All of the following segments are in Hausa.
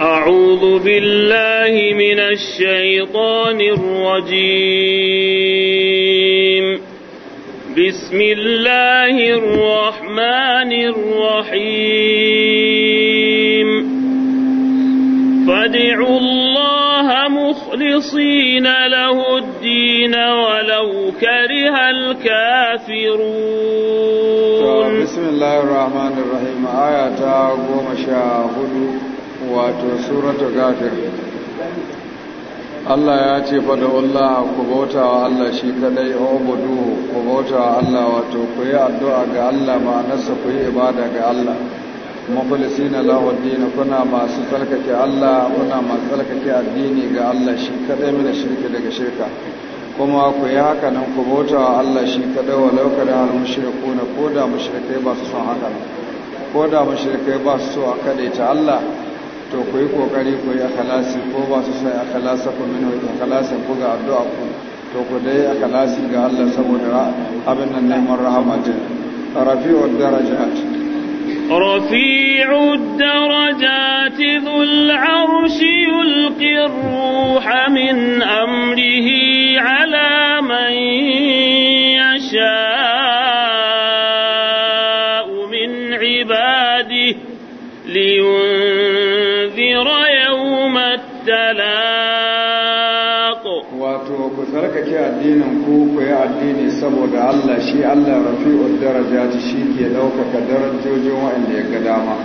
أعوذ بالله من الشيطان الرجيم بسم الله الرحمن الرحيم فادعوا الله مخلصين له الدين ولو كره الكافرون بسم الله الرحمن الرحيم آية قوم wato suratu gafir Allah ya ce fada Allah ku bauta wa Allah shi kadai ubudu ku bauta wa Allah wato ku yi addu'a ga Allah ma'anarsa ku yi ibada ga Allah mukhlisina lahu ad-din kuna masu tsarkake Allah kuna masu tsarkake addini ga Allah shi kadai mina shirki daga shirka kuma ku yi haka nan ku bauta wa Allah shi kadai wa laukada al-mushrikuna koda mushrikai ba su son haka koda mushrikai ba su so a kadaita Allah to ku yi kokari ku yi akhlasi ko ba su sai akhlasa ku min wa akhlasin ku ga addu'a ku to ku dai akhlasi ga Allah saboda abin nan neman rahama ce rafi'ud darajat رفيع darajat dhul العرش يلقي الروح min amrihi ala man yasha' Ka ce addinin ku ku yi addini saboda Allah shi Allah rafi'ul ta shi ke ɗaukaka darajojin waɗanda ya ga dama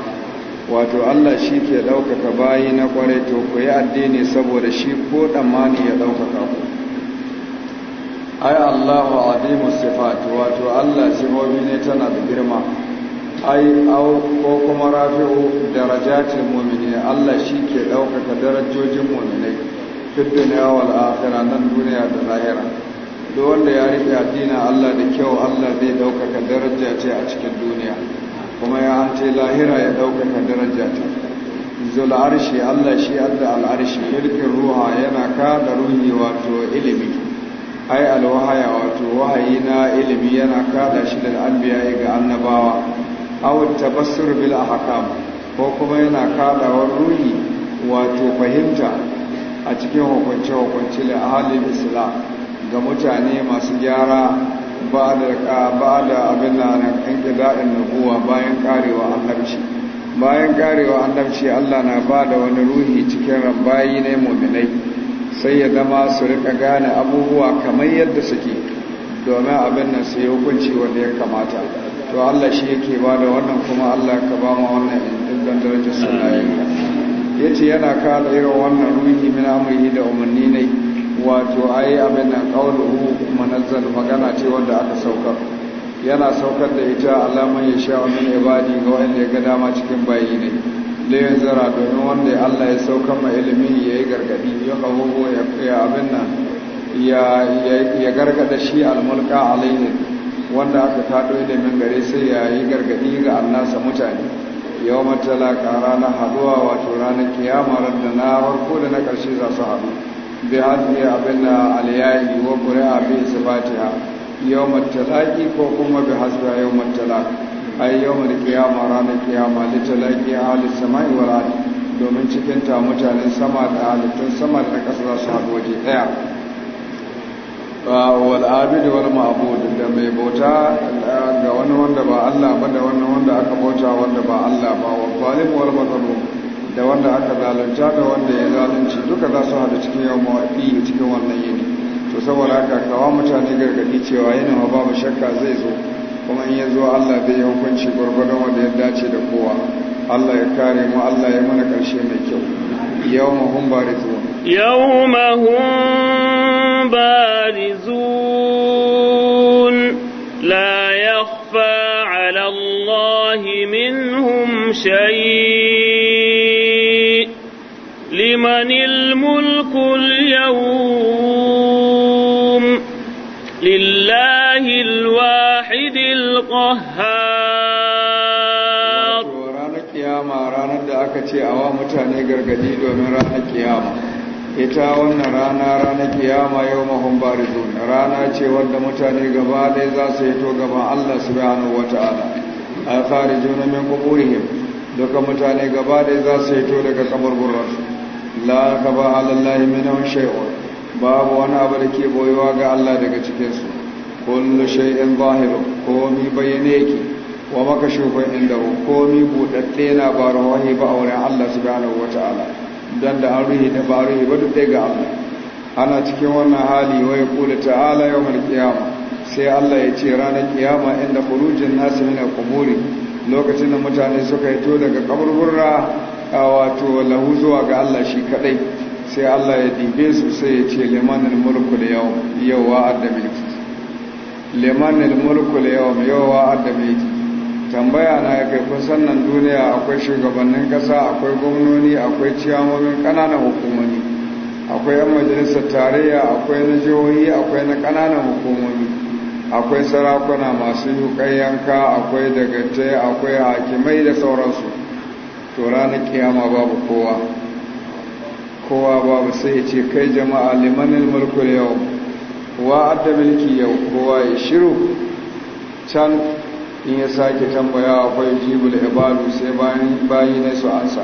wato Allah shi ke ɗaukaka bayi na ƙwarai to ku yi addini saboda shi ko tsammani ya ɗaukaka ku ai Allahu adimu sifat wato Allah sifofi ne tana da girma ai au ko kuma rafi'u darajatil mu'minin Allah shi ke ɗaukaka darajojin mu'minai fit duniya wal akhirah nan duniya da lahira duk wanda ya rike addinin Allah da kyau Allah zai ɗaukaka daraja ce a cikin duniya kuma ya hance lahira ya ɗaukaka daraja ce zul arshi Allah shi adda al arshi ruwa ruha yana ka da ruhi wato ilimi ai al wato wahayi na ilimi yana ka da shi da anbiya ga annabawa aw tabassur bil ahkam ko kuma yana da ruhi wato fahimta a cikin hukunce-hukunce da halin islam ga mutane masu gyara ba da abin da na ƙanƙi nubuwa bayan ƙarewa annabci bayan ƙarewa annabci allah na ba da wani ruhi cikin rambayi ne mominai sai ya dama su rika gane abubuwa kamar yadda suke domin abin nan sai hukunci wanda ya kamata to allah shi yake ba da wannan kuma allah ka ba ma wannan in darajar ya ce yana kada irin wannan ruhi mina mai da umarni ne wato a yi abin nan ƙaunuhu manazzal magana ce wanda aka saukar yana saukar da ita alaman ya sha wannan ibadi ga wanda ya ga dama cikin bayi ne layin zara domin wanda allah ya saukar ma ilimi ya yi gargadi ya kawo ya abin nan ya gargada shi almulka alainin wanda aka kado ilimin gare sai ya yi gargadi ga annasa mutane yau matalaka ranar haduwa wato ranar kiyama da na farko da na ƙarshe za su haɗu bi hasbi abin da aliyayi wa ƙuri'a bi isbatiha yau matalaki ko kuma bi a yau matalaka ai yau mai kiyama ranar kiyama litalaki ahli sama'i wal ardi domin cikin ta mutanen sama da halittun sama da na ƙasa za su haɗu waje ɗaya wal abid wal ma'bud da mai bauta ga wani wanda ba Allah ba da wani wanda aka bauta wanda ba Allah ba wal zalim wal mazlum da wanda aka zalunta da wanda ya zalunci duka za su hada cikin yawan da cikin wannan yini to saboda haka kawo mutane gargadi cewa yana babu shakka zai zo kuma in ya zo Allah zai yi hukunci gwargwadon wanda ya dace da kowa Allah ya kare mu Allah ya mana ƙarshe mai kyau yawma hum barizun Yau hum بارزون لا يخفى على الله منهم شيء لمن الملك اليوم لله الواحد القهار ورانا قيامة رانا دعكتي أوامتاني قرقدي ومرانا قيامة ita wannan rana ranar kiyama yau mahun barizu rana ce wadda mutane gaba ɗaya za su yi to gaban Allah subhanahu wa ta'ala a fari juna min kuburihim duka mutane gaba ɗaya za su yi to daga kamar burrarsu la ka ba alallahi minan shay'un babu wani abu da ke boyewa ga Allah daga cikinsu kullu shay'in ko komi bayyane ki wa maka shufa inda komi buɗaɗɗe na baro rawahi ba auren Allah subhanahu wa ta'ala don da an ruhi da ba ruhe ba duk ga Allah ana cikin wannan hali wai kula ta'ala yawmal qiyama sai Allah ya ce ranar kiyama inda kurujin nasu mina kumuri lokacin da mutane suka hito daga a wato lahu zuwa ga Allah shi kadai sai Allah ya dibe su sai ya ce limanin mulku da yau yau wa'ad da tambaya na ya kai kusan duniya akwai shugabannin kasa akwai gwamnoni akwai ciyamomin kananan hukumomi akwai yan majalisar tarayya akwai na jihohi akwai na kananan hukumomi akwai sarakuna masu yukan yanka akwai dagatai akwai hakimai da sauransu to ranar kiyama babu kowa kowa babu sai ya ce kai jama'a limanin mulkul yau adda milki yau kowa ya shiru can in ya sake tambayawa fa yujibul ibadu sai bayi ne su ansa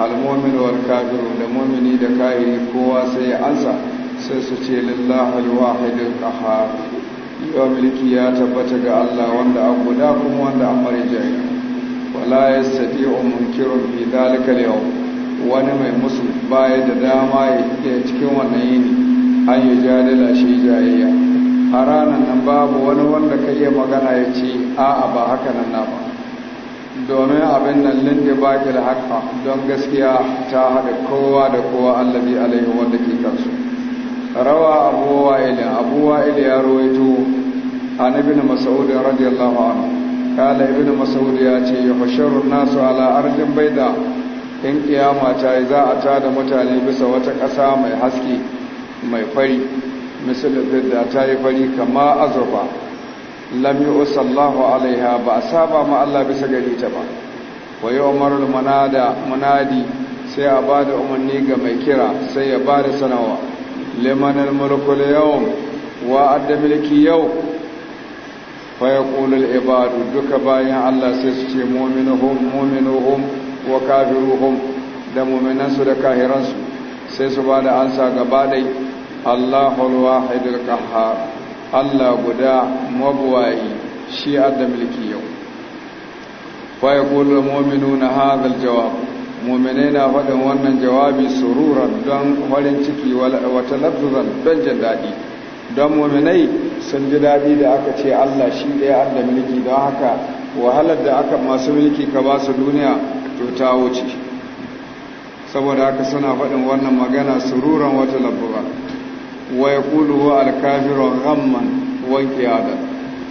almu'min wal kafiru da mu'mini da kafiri kowa sai ya ansa sai su ce lillahi alwahid alqahar Yau miliki ya tabbata ga Allah wanda abu guda kuma wanda an jai wala yastati'u munkirun fi dhalika al-yawm wani mai musu baya da dama ya cikin wannan yini an yi jadala shi jayayya a ranar nan babu wani wanda ka iya magana ya ce a'a ba haka nan na ba domin abin nan lindi da haka don gaskiya ta haɗa kowa da kowa allabi alaihi wanda ke kansu rawa abuwa ilin abuwa ilin ya rawaito an ibn masaudin radiyallahu anhu kala ibn masaudi ya ce fashar nasu ala ardin baida in kiyama ta yi za a tada mutane bisa wata ƙasa mai haske mai fari misali da ta yi fari kama azurfa lam yusallahu alaiha ba a saba ma Allah bisa gari ta ba wa yawmarul manada munadi sai a ba da umarni ga mai kira sai ya ba da sanawa Limanar mulkul yawm wa adda mulki yau fa yaqulul ibadu duka bayan Allah sai su ce mu'minuhum mu'minuhum wa kafiruhum da mu'minansu da kahiransu sai su ba da ansa gaba dai Allahul الواحد القهار Allah guda مبواي shi adda mulki yau fa yaqulu mu'minuna hadha al-jawab mu'minai na faɗin wannan jawabi sururan don farin ciki wa talaffuzan don jin daɗi don mu'minai sun ji daɗi da aka ce Allah shi ɗaya adda miliki. don haka wahalar da aka masu miliki ka ba su duniya to ta wuce saboda haka suna faɗin wannan magana sururan wata labbuba wa ya kulu wa alkafirun ghamman wanke adam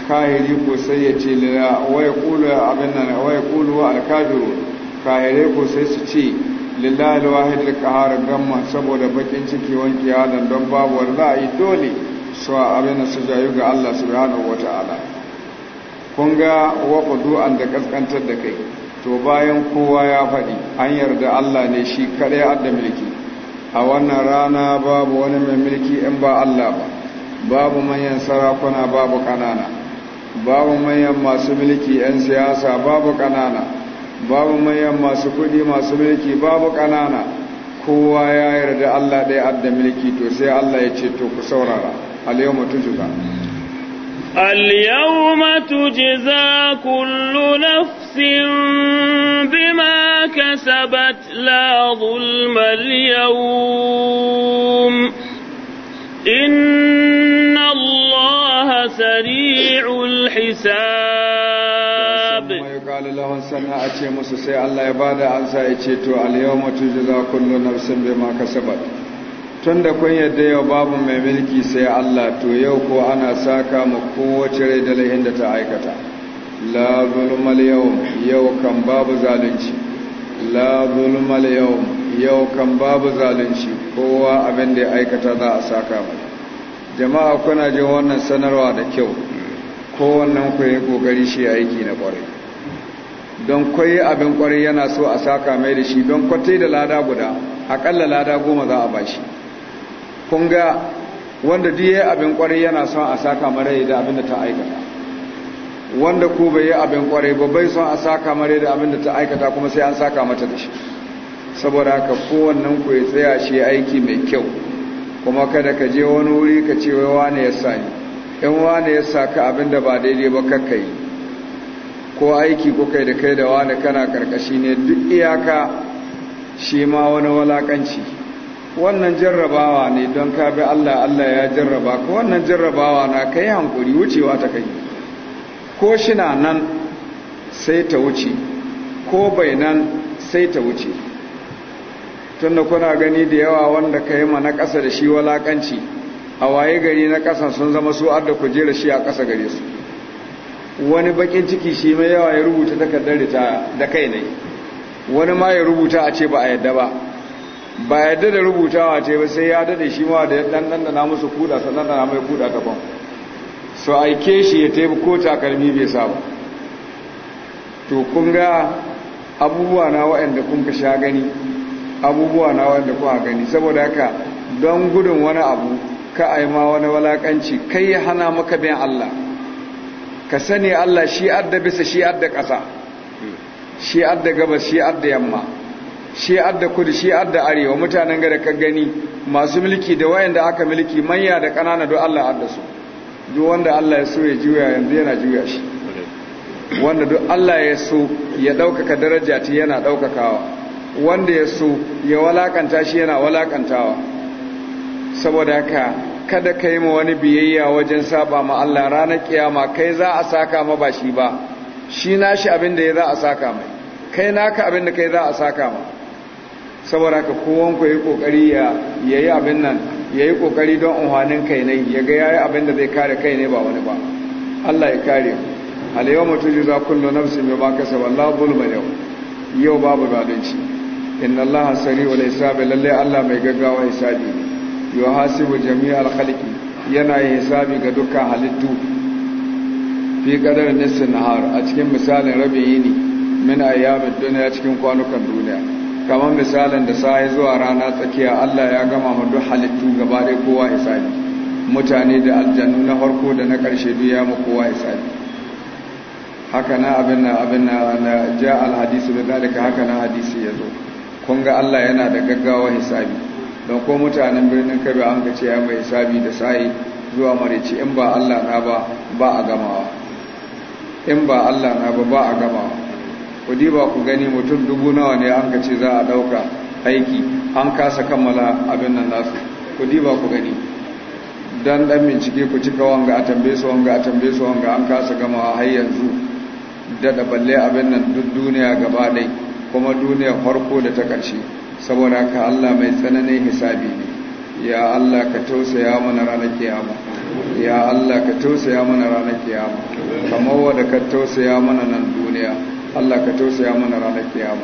kahiri ko sai ya ce lila wa ya kulu abin nan wa ya kulu wa alkafirun kahire ko sai su ce lillahi wahid alqahar gamman saboda bakin ciki wanke adam don babu wani wallahi dole su a abin su jayu ga Allah su subhanahu wataala kun ga waƙo du'an da ƙasƙantar da kai to bayan kowa ya faɗi an yarda Allah ne shi kadai adda mulki a wannan rana babu wani mai mulki in ba Allah ba babu manyan sarakuna babu kanana babu manyan masu mulki 'yan siyasa babu kanana babu manyan masu kudi masu mulki babu kanana kowa ya yarda Allah ɗaya adda mulki to sai Allah ya ce to ku saurara al yawma tujza اليوم تجزى كل نفس بما كسبت لا ظلم اليوم إن الله سريع الحساب قال له سنة أتي موسى الله يبادى أنسى يتيتو اليوم تجزى كل نفس بما كسبت tun da kun yadda yau babu mai mulki sai Allah to yau ko ana saka mu kowace rai da laihin da ta aikata la zulmal yawm yau kan babu zalunci la zulmal yawm yau kan babu zalunci kowa abin da ya aikata za a saka mu jama'a kuna jin wannan sanarwa da kyau wannan ku yi kokari shi aiki na kwarai don koyi abin kwarai yana so a saka mai da shi don kwatai da lada guda akalla lada goma za a bashi kun ga wanda diye abin kwarai yana son a saka mare da abin da ta aikata wanda ko bai yi abin kwarai ba bai son a saka mare da abin da ta aikata kuma sai an saka mata da shi saboda haka kowannen ku ya tsaya shi aiki mai kyau kuma kada ka je wani wuri ka ce wai wane ya sa ni in wane ya sa ka abin da ba daidai ba ka yi ko aiki ko kai da kai da wane kana karkashi ne duk iyaka shi ma wani walakanci wannan jarrabawa ne don ka bi Allah Allah ya jarraba Ko wannan jarrabawa na kai hankuri wucewa ta kai ko shi nan sai ta wuce ko bai nan sai ta wuce tun da kuna gani da yawa wanda ka yi mana ƙasa da shi walaƙanci a waye gari na ƙasa sun zama su adda kujera shi a ƙasa gare su wani baƙin ciki shi mai yawa ya rubuta takardar da kai ne wani ma ya rubuta a ce ba a yadda ba ba yadda da rubutawa ce ba sai ya dade shi ma da ya dandana musu kuda sannan na mai kuda kafan so aike shi ya taibu ko takalmi bai ba to kun ga abubuwa na waɗanda kun ka sha gani abubuwa na waɗanda kuka gani saboda haka don gudun wani abu ka aima wani walakanci kai ya hana maka bin Allah ka sani Allah shi adda bisa shi adda ƙasa shi adda gabas shi adda yamma shi adda kudu shi adda arewa mutanen gare ka gani masu mulki da wayanda aka mulki manya da kanana don Allah adda su duk wanda Allah ya so ya juya yanzu yana juya shi wanda duk Allah ya so ya ɗaukaka daraja ta yana daukakawa wanda ya so ya walakanta shi yana walakantawa saboda haka kada ka yi ma wani biyayya wajen saba ma Allah ranar kiyama kai za a saka ma ba shi ba shi nashi abin da ya za a saka mai kai naka abin da kai za a saka ma saboda ka kowanku ya yi kokari ya yi abin nan ya yi kokari don unhanin kai ne ya ga ya yi abin da zai kare kai ne ba wani ba Allah ya kare mu alayyau mutu ji za kullu musu mai ba kasa wallah bulma yau yau babu zalunci inna Allah sari wa hisabi lalle Allah mai gaggawa hisabi ne yuhasibu jami'a khalqi yana yi hisabi ga dukkan halittu fi kadar nisan nahar a cikin misalin rabin yini min ayyamin duniya cikin kwanukan duniya kamar misalin da sai zuwa rana tsakiya Allah ya gama mu duk halittu gaba da kowa hisabi mutane da aljannu na farko da na ƙarshe duk ya mu kowa hisabi haka na abin na abin na ja alhadisu da zalika haka na hadisi ya zo kun ga Allah yana da gaggawa hisabi don ko mutanen birnin kabe an ka ce ya mai hisabi da sai zuwa marici in ba Allah na ba ba a gamawa in ba Allah na ba ba a gamawa kudi ba ku gani mutum dubu nawa ne an ce za a ɗauka aiki an kasa kammala abin nan nasu kudi ba ku gani don ɗan bincike ku cika wanga a tambaye su wanga a tambaye su wanga an kasa gama har yanzu daɗa balle abin nan duk duniya gaba ɗai kuma duniya farko da ta ƙarshe saboda ka Allah mai tsananin hisabi ne ya Allah ka tausaya mana ranar kiyama ya Allah ka tausaya mana ranar kiyama kamar wadda ka tausaya mana nan duniya Allah ka tausaya mana ranar kiyama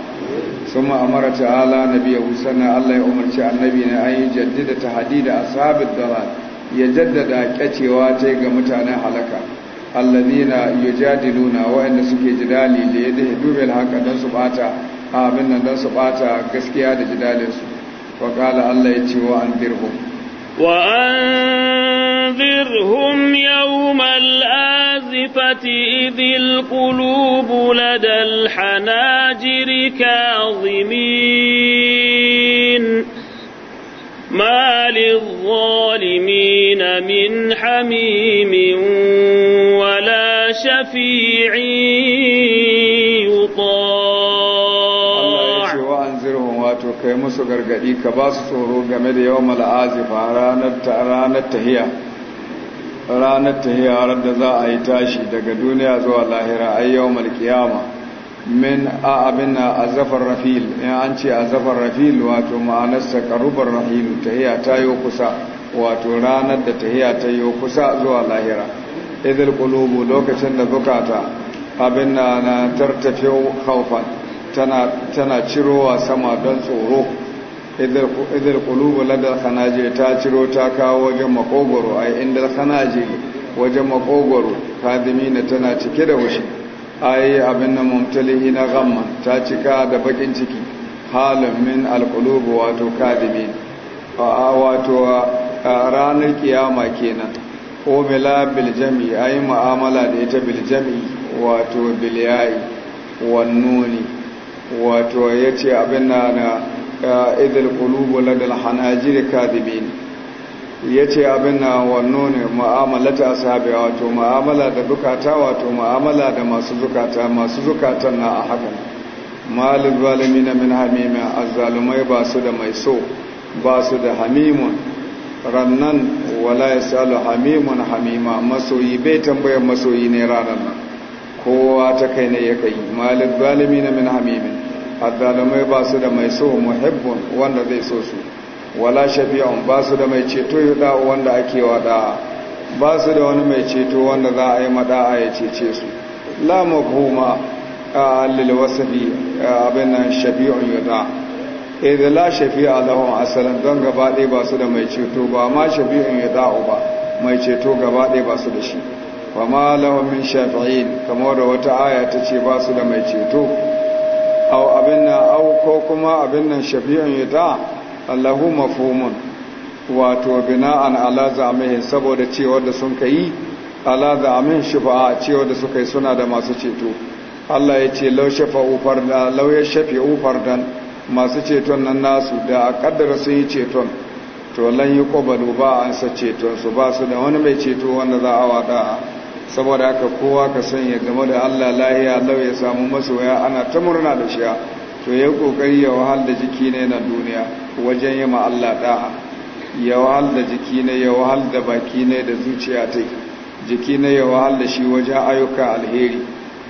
sun ma'amara ta'ala na ya husana Allah ya umarci annabi na an yi jaddada ta hadida a sabit dalal ya jaddada kyacewa ta ga mutanen halaka allazina nuna wa'anda suke jidali da ya dahe dubel haka don su bata abin nan don su bata gaskiya da jidalinsu wa Allah ya ce wa an dirhum wa an وأنذرهم يوم الآزفة إذ القلوب لدى الحناجر كاظمين ما للظالمين من حميم ولا شفيع يطاع kai musu gargadi ka ba su tsoro game da yawan mala'azifa ranar tahiya ranar tahiyarar da za a yi tashi daga duniya zuwa lahira a malkiyama min a abin na azafar rafil in an ce azafar rafil wato ma'anarsa karubar rahilu tahiya ta yi kusa wato ranar da tahiya ta yi kusa zuwa lahira idil kulubu lokacin da bukata abin na na haufan tana cirowa sama don tsoro idil kulubu ladar kanaje ta ciro ta kawo wajen makogoro ai indal kanaje wajen makogoro kadimina tana cike da wushi yi abin na mumtalihi na gamma ta cika da bakin ciki halin min alkulubu wato a wato ranar kiyama kenan mila biljami yi ma'amala da ita biljami wato biliyayi wannuni wato ya ce abin na idil qulubu ladal hanajir kadibin yace abin na wannan ne mu'amalata ashabi wato mu'amala da zukata wato mu'amala da masu zukata masu zukatan na a hakan malil zalimin min hamimin azzalumai ba su da mai so ba su da hamimun rannan wala yasalu hamimun hamima masoyi bai tambayar masoyi ne ranar nan kowa ta kai ne yake yi malil zalimin min hamimin addalamai ba su da mai so muhibbun wanda zai so su wala shafi'un ba su da mai ceto yuda wanda ake wada ba su da wani mai ceto wanda za a yi mada'a ya cece su la mafhuma lil wasafi abin nan shafi'un yuda eh, idza la shafi'a lahum asalan don gaba ba su da mai ceto ba ma shafi'un yuda ba mai ceto gaba ba su da shi wa ma lahum min shafi'in kamar da wata aya ta ce ba su da mai ceto au abin nan au ko kuma abin nan shafi'un lahu mafhumun wato bina'an ala za'amihi saboda cewa da sun kai ala za'amin shufa'a cewa da suka yi suna da masu ceto Allah ya ce law shafa'u fardan law masu ceton nan nasu da a kaddara sun yi ceton to lan yi kobalu ba an sa ceton su ba su da wani mai ceto wanda za a wada saboda haka kowa ka sanya game da Allah lahiya lau ya samu masoya ana ta murna da shi to ya kokari ya wahal da jiki ne na duniya wajen yi ma Allah da'a ya wahal da jiki ne ya wahal da baki ne da zuciya ta jiki ne ya wahal da shi wajen ayyuka alheri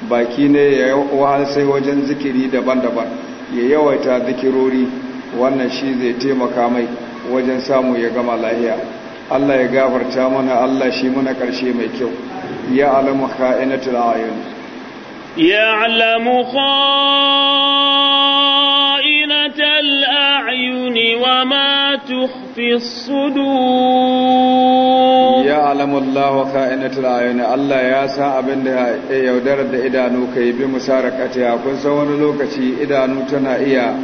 baki ne ya wahal sai wajen zikiri daban-daban ya yawaita zikirori wannan shi zai taimaka mai wajen samu ya gama lahiya Allah ya gafarta mana Allah shi muna ƙarshe mai kyau ya alamu kha'inatul ayun ya alamu kha'inatul ayun wa ma tukhfi as-sudur ya alamu Allah kha'inatul ayun Allah ya san abin da yaudarar da idanu kai bi musarakati a kun wani lokaci idanu tana iya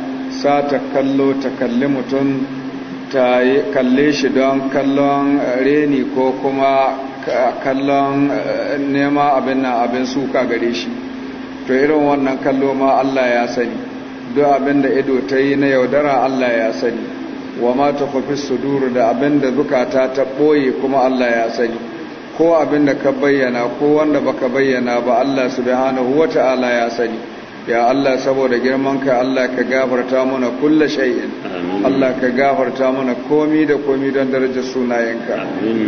sata kallo ta kalli mutum ta kalle shi don kallon reni ko kuma kallon eh, nema abin na abin suka gare shi to irin wannan kallo ma Allah ya sani duk abin da ido ta yi na yaudara Allah ya sani wa ma ta su suduru da abin da zukata ta ɓoye kuma Allah ya sani ko abin da ka bayyana ko wanda baka bayyana ba Allah subhanahu ta'ala ya sani ya Allah saboda girman ka Allah ka gafarta mana kulla shay'in Allah ka gafarta mana komi da komi don darajar sunayenka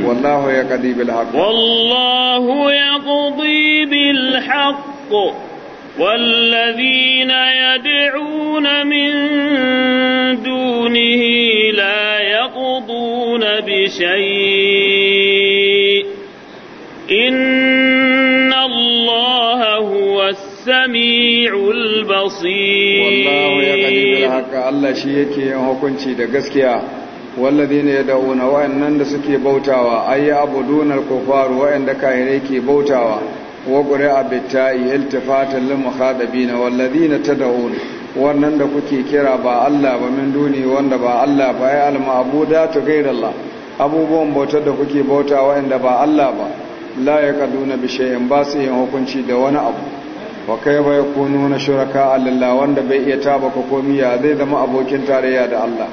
wallahu ya qadi bil haqq wallahu ya yaqdi bil haqq والذين يدعون من دونه لا يقضون بشيء إن السميع البصير والله يقضي بالحق الله شي yake yin hukunci da gaskiya walladina yad'una wa'annan da suke bautawa ayi abuduna al-kufar wa'anda kafirai ke bautawa wa qur'a bitai iltifatan lil mukhadabin walladina tad'un wannan da kuke kira ba Allah ba min duni wanda ba Allah ba ya al-ma'budatu ghayrallah abubuwan bautar da kuke bautawa wa'anda ba Allah ba la yaqaduna bi shay'in ba su yin hukunci da wani abu wa kai bai kunu nuna shuraka Allah wanda bai iya taba ko komi ya zai zama abokin tarayya da Allah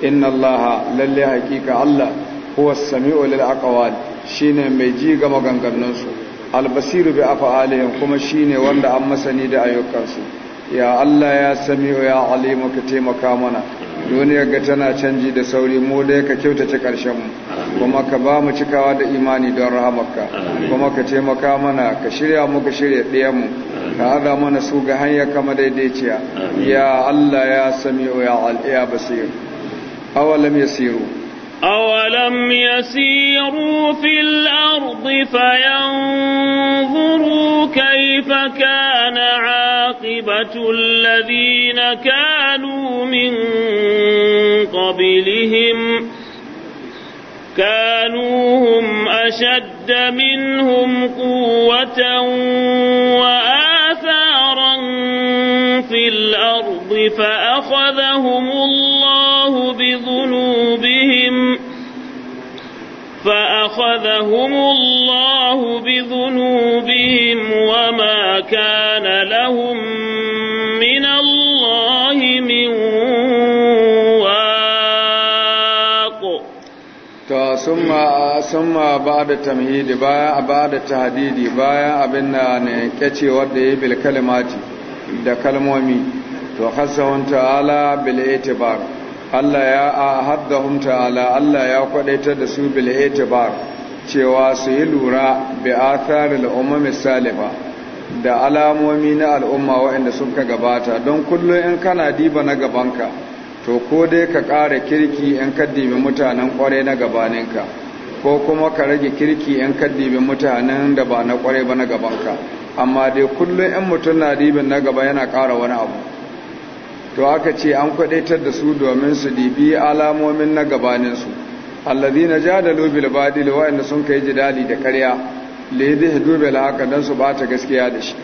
inna Allah lalle hakika Allah huwa samiu lil aqwal shine mai ji ga maganganun su al basiru bi af'alihim kuma shine wanda an masani da ayyukansu su ya Allah ya samiu ya alimu ka taimaka mana duniyar ga tana canji da sauri mu dai ka kyautace karshen mu kuma ka ba mu cikawa da imani don rahamarka kuma ka taimaka mana ka shirya mu ka shirya ɗayan mu ka haɗa mana su ga hanya kama daidaiciya ya Allah ya sami ya al'iya basir awalam yasiru أولم يسيروا في الأرض فينظروا كيف كان عاقبة الذين كانوا من قبلهم كانوا هم أشد منهم قوة وآلهم الأرض فأخذهم الله بذنوبهم فأخذهم الله بذنوبهم وما كان لهم من الله من واق ثم ثم بعد التمهيد بعد بعد التهديد بعد أبنا نكتي ودي بالكلمات da kalmomi to hassahun ta'ala bil itibar Allah ya haddahum ta'ala Allah ya kwadaitar da su bil itibar cewa su yi lura bi atharil umam salifa da alamomi na al'umma waɗanda suka gabata don kullum in kana diba na gabanka to ko dai ka ƙara kirki in ka dibi mutanen ƙwarai na gabaninka ko kuma ka rage kirki in ka dibi mutanen da ba na ƙwarai ba na gabanka amma dai kullum in mutum na dibin na gaba yana ƙara wani abu to aka ce an kwadaitar da su domin su dibi alamomin na gabaninsu allazina jadalu bil badil wa inna sun kai jidali da karya li yadhdu bil haqa dan su ba ta gaskiya da shi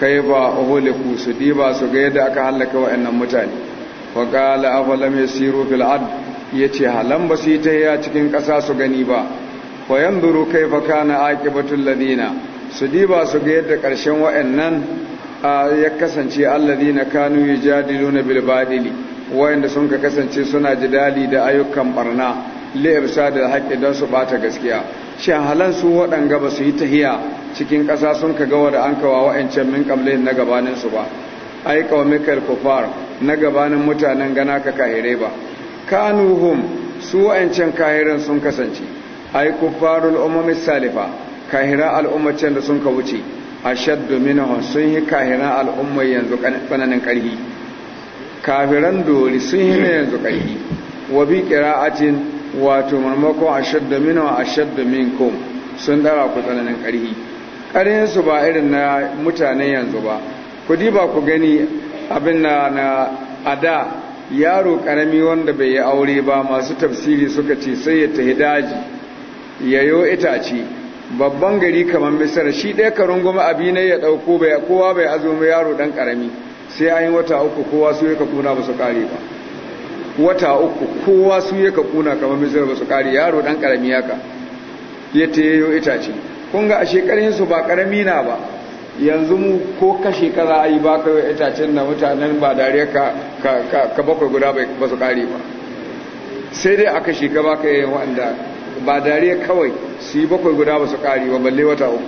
kai ba ku su diba su ga yadda aka halaka wa'annan mutane wa qala afalam yasiru fil ard yace halan ba su ta ya cikin ƙasa su gani ba wa yanzuru na kana aqibatul ladina su diba su ga yadda ƙarshen wa'annan ya kasance alladhina kanu ya yujadiluna bil bilbadili wayanda sun ka kasance suna jidali da ayyukan barna li da haƙƙi don su bata gaskiya shi halan su waɗanga ba su yi tahiya cikin ƙasa sun ka gawa da an kawa wa'ancan min ƙamle na gabanin su ba ai qaumikal kufar na gabanin mutanen gana ka kahire ba kanuhum su wa'ancan kahirin sun kasance ai kufarul umami salifa kahira al'ummacin da sun ka wuce ashaddu minhu sun yi kahiran al'umma yanzu tsananin ƙarfi kafiran dori sun yi na yanzu ƙarfi wa bi qira'atin wato marmako ashaddu minhu ashaddu minkum sun dara ku tsananin ƙarfi ƙarfin su ba irin na mutanen yanzu ba ku ba ku gani abin na na ada yaro karami wanda bai yi aure ba masu tafsiri suka ce sai ya tahi daji yayo itace babban gari kamar misar shi ɗaya ka goma abi ne ya ɗauko bai kowa bai azumi yaro ɗan ƙarami sai a yi wata uku kowa su ka kuna ba su ƙari ba wata uku kowa su ka kuna kamar misar ba su ƙari yaro ɗan ƙarami ka ya tayayo itace kun ga a shekarun su ba ƙarami na ba yanzu mu ko kashe kaza a yi ba ka itacen na mutanen ba dariya ka bakwai guda ba su ƙari ba sai dai a kashe ka ba ka yi waɗanda ba dariya kawai su yi bakwai guda ba su ƙari ba balle wata uku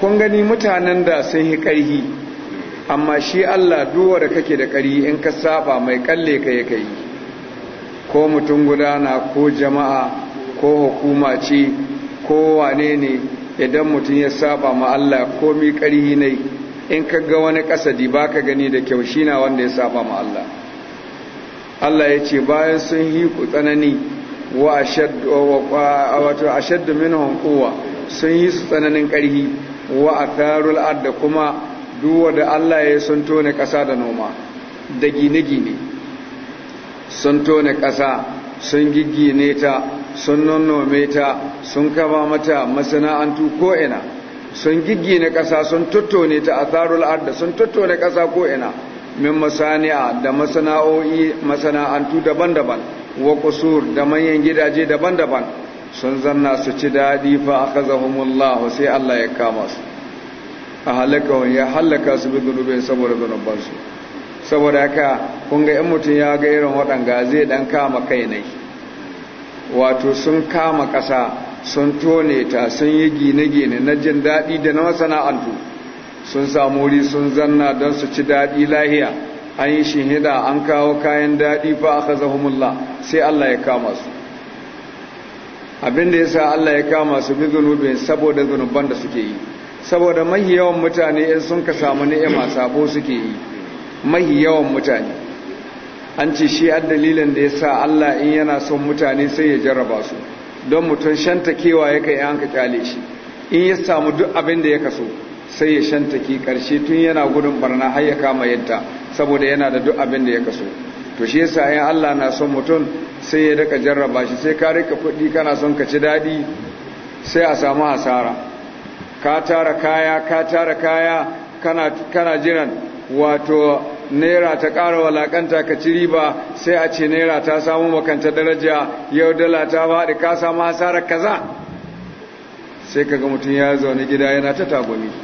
kun gani mutanen da sun yi ƙarhi amma shi Allah duwa da kake da ƙari in ka saba mai kalle ka ya kai ko mutum guda na ko jama'a ko hukuma ce ko wane ne idan mutum ya saba ma Allah komi ƙarhi ne in ka ga wani ƙasadi ba ka gani da kyau shi na wanda ya saba ma Allah Allah ya ce bayan sun yi ku tsanani wa ashaddu minhum kowa sun yi su tsananin ƙarfi wa atharul adda kuma duwa da Allah ya sun tone ƙasa da noma da gine-gine sun tone ƙasa sun giggine ta sun nonnome ta sun kama mata masana'antu ko'ina sun giggine ƙasa sun tattone ta atharul adda sun tattone ƙasa ko'ina min masani'a da masana'o'i masana'antu daban-daban wa kusur da manyan gidaje daban-daban sun zanna su ci daɗi fa aka zahumullahu sai Allah ya kama su a halaka ya halaka su bi zunubin saboda zunubansu saboda haka kun ga in mutum ya ga irin waɗanga zai ɗan kama kai ne wato sun kama ƙasa sun tone ta sun yi gine-gine na jin daɗi da na masana'antu sun samu wuri sun zanna don su ci daɗi lahiya an yi shihida an kawo kayan daɗi fa aka zahumullah sai Allah ya kama su abinda ya sa Allah ya kama su bi zunubin saboda zunuban da suke yi saboda mahi yawan mutane in sun ka samu ni'ima sabo suke yi mahi yawan mutane an ce shi a dalilin da ya sa Allah in yana son mutane sai ya jarraba su don mutum shanta kewa ya kai an ka kyale shi in ya samu duk abin da ya kaso sai ya shantaki karshe tun yana gudun barna har ya kama yadda saboda yana da duk abin da ya kaso to shi yasa in Allah na son mutum sai ya daka jarraba shi sai ka rika kuɗi kana son ka ci daɗi sai a samu hasara ka tara kaya ka tara kaya kana kana jiran wato naira ta ƙara walakanta ka ci riba sai a ce naira ta samu makanta daraja yau dala ta faɗi ka samu hasara kaza sai kaga mutum ya zaune gida yana ta tagumi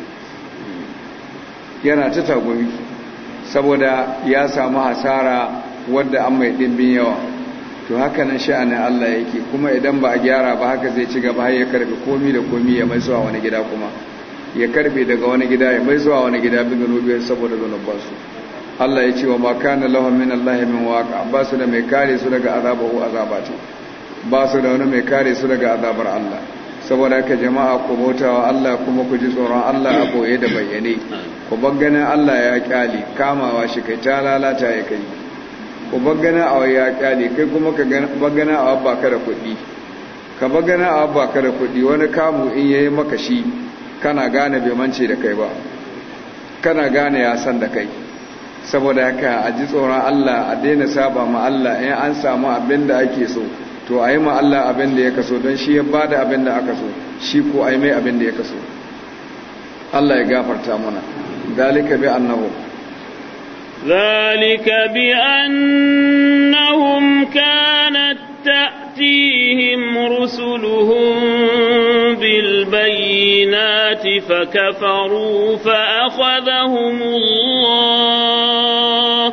yana ta tagumi saboda ya samu hasara wadda an mai ɗimbin yawa to haka nan sha'anin Allah yake kuma idan ba a gyara ba haka zai ci gaba har ya karbe komi da komi ya mai zuwa wani gida kuma ya karbe daga wani gida ya mai zuwa wani gida bin zanubiyar saboda su. Allah ya ce wa ba kana lahon min Allah min waka ba su da mai kare su daga azaba ce ba su da wani mai kare su daga azabar Allah saboda haka jama'a ku bautawa Allah kuma ku ji tsoron Allah a boye da bayyane ku ganin Allah ya kyali kamawa shi kai ta lalata ya kai ku ganin awa ya kyali kai kuma ka ganin awa ba ka da kuɗi ka ganin awa ba ka da kuɗi wani kamu in yayi maka shi kana gane bai mance da kai ba kana gane ya san da kai saboda haka a ji tsoron Allah a daina saba ma Allah in an samu abin da ake so to a yi ma Allah abin da ya kaso don shi ya ba da abin da aka so shi ko a yi mai abin da ya kaso Allah ya gafarta mana ذلك بأنه ذلك بأنهم كانت تأتيهم رسلهم بالبينات فكفروا فأخذهم الله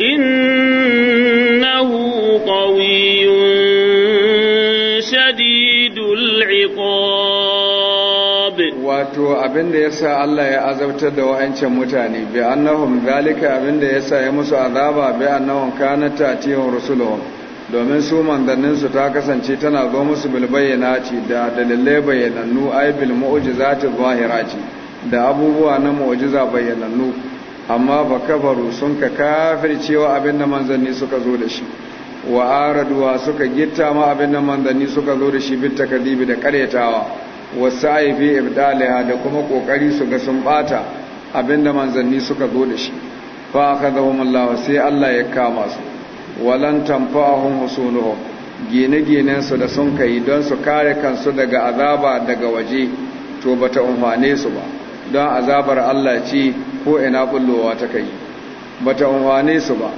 إنه قوي شديد العقاب wato abin da ya sa Allah ya azabtar da wa'ancan mutane bi annahum zalika abin da ya musu azaba bi annahum kanat tatihum rusuluhum domin su manzannin su ta kasance tana zo musu bil bayyanati da dalilai bayyanannu ay bil mu'jizati zahirati da abubuwa na mu'jiza bayyanannu amma ba kafaru sun ka kafircewa da manzanni suka zo da shi wa araduwa suka gitta ma abin da manzanni suka zo da shi bil takdibi da karyatawa wasa'i fi ibdalaha da kuma kokari su ga sun bata abinda manzanni suka zo da shi fa akhadhahum Allah sai Allah ya kama su walan tanfa'uhum usuluhum gine-ginen su da sun kai don su kare kansu daga azaba daga waje to bata umfane su ba don azabar Allah ce ko ina bullowa ta kai bata umfane su ba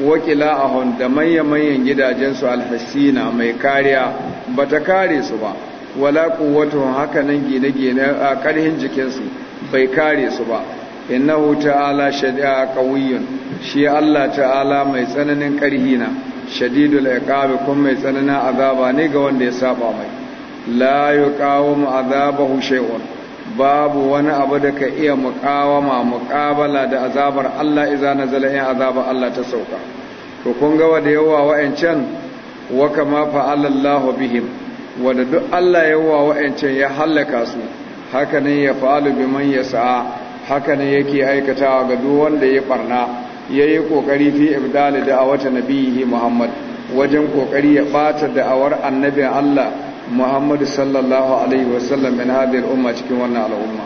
wakila ahun da manya-manyan gidajensu alhassina mai kariya bata kare su ba wala quwwatu haka nan gine-gine a karhin jikinsu bai kare su ba innahu ta'ala shadi'a qawiyyun shi Allah ta'ala mai tsananin karhi na shadidul iqab kun mai tsananin azaba ne ga wanda ya saba mai la yuqawimu azabahu shay'un babu wani abu da ka iya muqawama muqabala da azabar Allah idza nazala in azaba Allah ta sauka to kun ga wa da yawa wa'ancan wa kama fa'ala bihim wanda duk Allah ya wa wa'ancan ya hallaka su haka ne ya fa'alu bi man yasa haka ne yake aikatawa ga duk wanda ya barna yayi kokari fi ibdal wata nabihi Muhammad wajen kokari ya bata da'awar annabin Allah Muhammadu sallallahu alaihi wasallam min hadhihi umma cikin wannan al'umma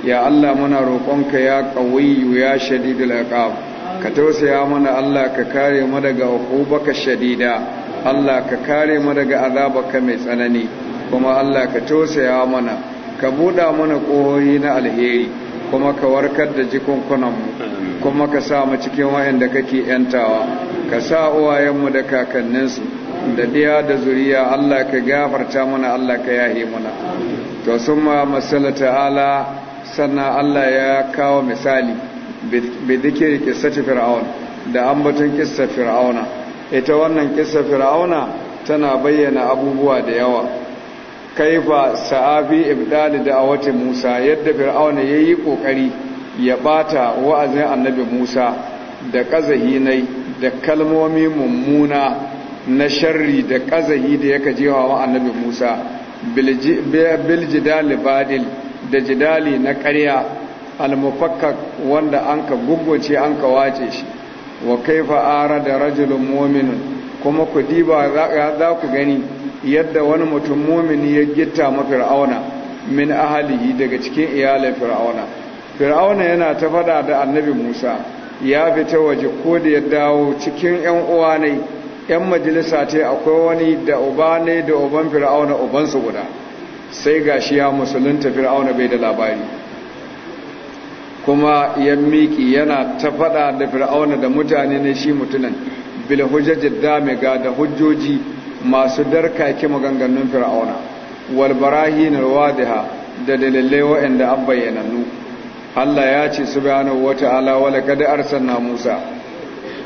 ya Allah muna roƙonka ya qawiyyu ya shadidul aqab ka tausaya mana Allah ka kare mu daga hukubaka shadida Allah ka kare mu daga azabarka mai tsanani kuma Allah ka tausaya mana ka buɗa mana ƙohoyi na alheri kuma ka warkar da jikunkunanmu kuma ka sa mu cikin wayanda kake yantawa ka sa uwayenmu da kakanninsu da diya da zuriya Allah ka gafarta mana Allah ka yahe mana to sun ma masala ta'ala sannan Allah ya kawo misali bi dhikri kissa fir'aun da ambaton kissa fir'auna ita wannan kisa fir'auna tana bayyana abubuwa da yawa kaifa sa'abi ibdali da awati musa yadda fir'auna ya yi ƙoƙari ya ɓata wa'azin annabi musa da ƙazahinai da kalmomi mummuna na sharri da ƙazahi da yaka jewa wa annabi musa biljidali badil da jidali na ƙarya almufakkak wanda an ka gugguce an ka wace shi wa kaifa da rajulun mu'minun kuma ku diba za ku gani yadda wani mutum mumini ya gitta ma fir'auna min ahali daga cikin iyalin fir'auna fir'auna yana ta fada da annabi Musa ya fita waje ko da ya dawo cikin 'yan uwa ne yan majalisa ce akwai wani da uba ne da uban fir'auna ubansu guda sai gashi ya musulunta fir'auna bai da labari kuma yan miki yana ta faɗa da fir'auna da mutane ne shi mutunan bil hujjajid damiga da hujjoji masu darkake maganganun fir'auna wal barahin wadiha da dalilai wa'anda an bayyanannu Allah ya ce subhanahu wata'ala wala kad arsalna Musa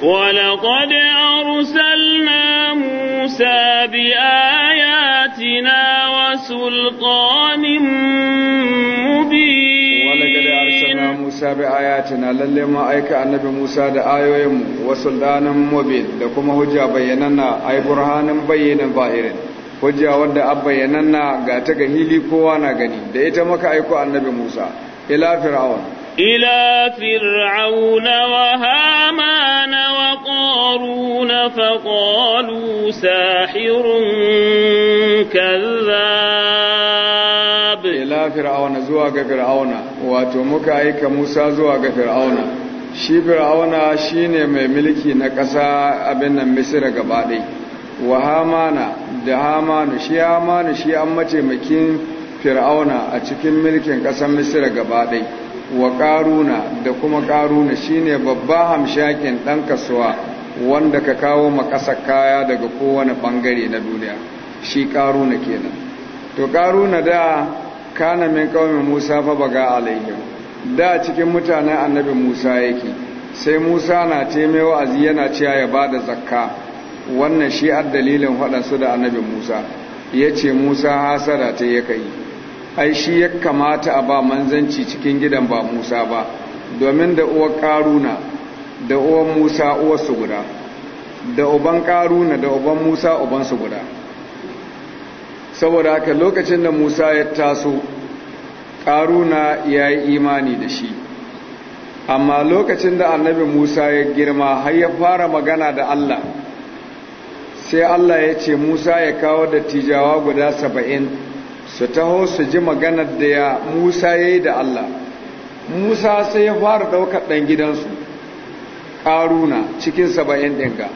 ولقد أرسلنا wa بآياتنا وسلطان Musa bi ayatina lalle ma aika annabi Musa da ayoyin wa suldanan mubin da kuma hujja bayyananna ay burhanan bayyanan zahirin hujja wanda an bayyananna ga ta ga hili kowa na gani da ita maka aiko annabi Musa ila fir'aun ila fir'aun wa haman wa qarun fa qalu sahirun kazzab ila fir'aun zuwa ga fir'auna wato muka aika Musa zuwa ga Fir'auna shi Fir'auna shi ne mai mulki na ƙasa abin nan Misira gaba wa Hamana da Hamanu shi Hamanu shi an mataimakin Fir'auna a cikin mulkin ƙasar Misira gaba waKaruna wa ƙaruna da kuma Karuna ne babba hamshakin ɗan kasuwa wanda ka kawo makasa kaya daga kowane ɓangare na duniya shi Karuna kenan to ƙaruna da kana min Musa fa ga alaihim da cikin mutanen annabi Musa yake sai Musa na temewa wa'azi yana cewa ya bada zakka wannan shi dalilin faɗansu da annabi Musa yace Musa hasara ta yake yi ai shi ya kamata a ba manzanci cikin gidan ba Musa ba domin da uwar karuna da uwar Musa uwarsu guda da uban karuna da uban Musa uban su guda saboda haka lokacin da musa ya taso ƙaruna ya yi imani da shi amma lokacin da annabi musa ya girma har ya fara magana da allah sai allah ya ce musa ya kawo dattijawa guda saba'in su taho su ji maganar da ya musa ya yi da allah musa sai ya fara ɗaukar ɗan gidansu ƙaruna cikin saba'in ɗinka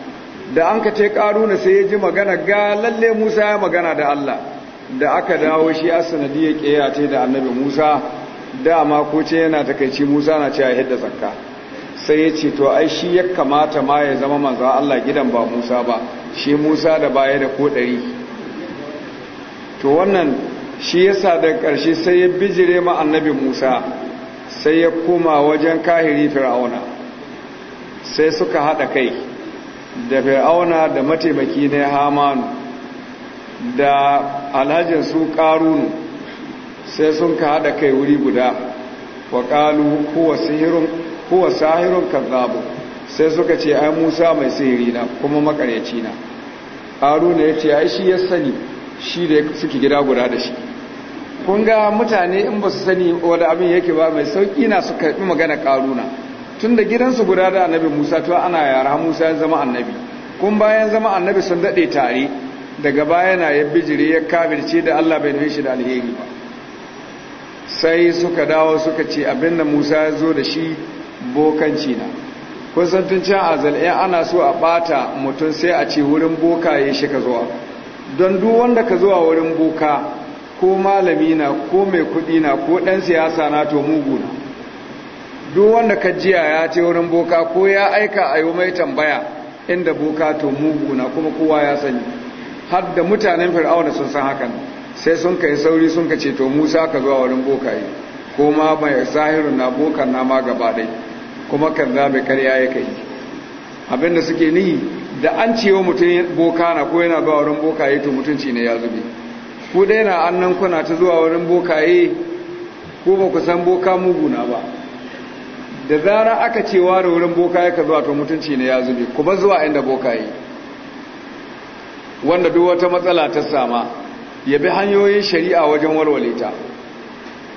da an ka ce ƙaruna sai ya ji magana ga lalle musa ya magana da allah da aka dawo shi a sanadiyar ƙeya da annabi musa dama ko ce yana takaici musa na ce a yadda zakka sai ya ce to ai shi ya kamata ma ya zama manzan allah gidan ba musa ba shi musa da baya da ko ɗari to wannan shi ya sa da ƙarshe sai ya bijire ma annabi musa sai ya koma wajen kahiri fir'auna sai suka haɗa kai da fir'auna da mataimaki na hamanu da alhajin su ƙarunu sai sun ka haɗa kai wuri guda wa ƙalu kowa sahirun kazzabu sai suka ce ai musa mai sihiri na kuma makaryaci na ƙarunu ya ce ai shi ya sani shi da suke gida guda da shi kun ga mutane in ba su sani wadda abin yake ba mai sauƙi na su yi magana ƙaruna tun da gidansu guda da annabi musa to ana yara musa ya zama annabi kun bayan zama annabi sun daɗe tare daga baya na ya bijire ya kabirce da Allah bai nufi shi da alheri ba sai suka dawo suka ce abinda Musa ya zo da shi bokanci na san tun can azal in ana so a bata mutum sai a ce wurin boka ya shi ka zuwa don duk wanda ka zuwa wurin boka ko malami na ko mai kuɗi na ko ɗan siyasa na to mugu na duk wanda ka jiya ya ce wurin boka ko ya aika a yi mai tambaya inda boka to mugu na kuma kowa ya sani har da mutanen fir'auna sun san hakan sai sun kai sauri sun ka ce to musa ka zuwa wurin bokaye ko ma mai zahirun na bokan na ma gaba ɗai kuma kan mai karya ya kai abinda suke nihi da an cewa mutum boka na ko yana zuwa wurin bokaye to mutunci ne ya zube ku dai na annan kuna ta zuwa wurin bokaye ko ba ku san boka muguna ba da zara aka cewa da wurin bokaye ka zuwa to mutunci ne ya zube ku ba zuwa inda bokaye wanda duk wata matsala ta sama ya bi hanyoyin shari'a wajen walwale ta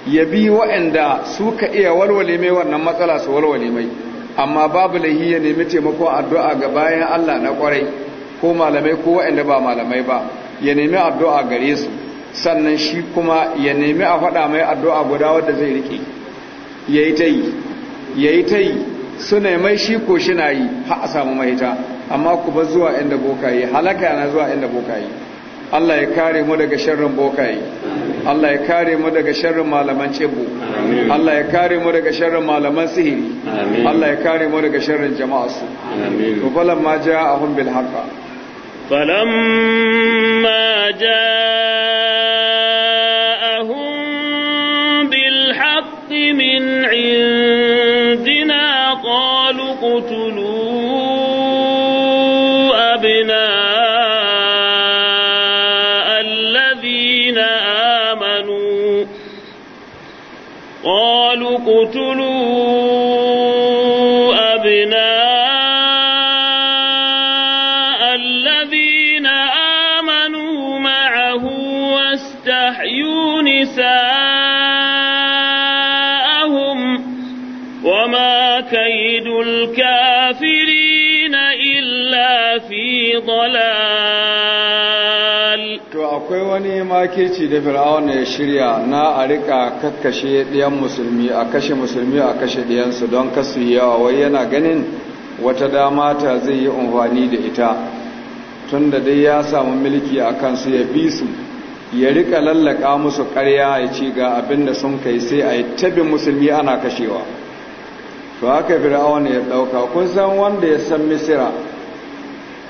ya bi waɗanda suka iya walwale mai wannan matsala su walwale mai amma babu laihi ya nemi taimako addu'a ga bayan Allah na kwarai ko malamai ko waɗanda ba malamai ba ya nemi addu'a gare su sannan shi kuma ya nemi a faɗa mai addu'a guda wadda zai rike ya yi ta yi ya yi ta yi su mai shi ko shi na yi har a samu mahita amma ku ba zuwa inda bokaye halaka na zuwa inda bokaye Allah ya kare mu daga sharrin bokaye Allah ya kare mu daga sharrin malaman cebu Allah ya kare mu daga sharrin malaman sihiri Allah ya kare mu daga sharrin jama'a su to falan ma ja'ahum bil haqa falamma ja'ahum bil haqqi min indina qalu qutulu اقتلوا أبناء الذين آمنوا معه واستحيوا نساءهم وما كيد الكافرين إلا في ضلال to akwai wani makirci da fir'auna ya shirya na a rika kakkashe ɗiyan musulmi a kashe musulmi a kashe ɗiyansu don kasu yawa wai yana ganin wata dama ta zai yi amfani da ita tun da dai ya samu mulki a kansu ya bi su ya rika lallaka musu ƙarya ya ci ga abin da sun kai sai a yi tabin musulmi ana kashewa to haka fir'aun ya ɗauka kun san wanda ya san misira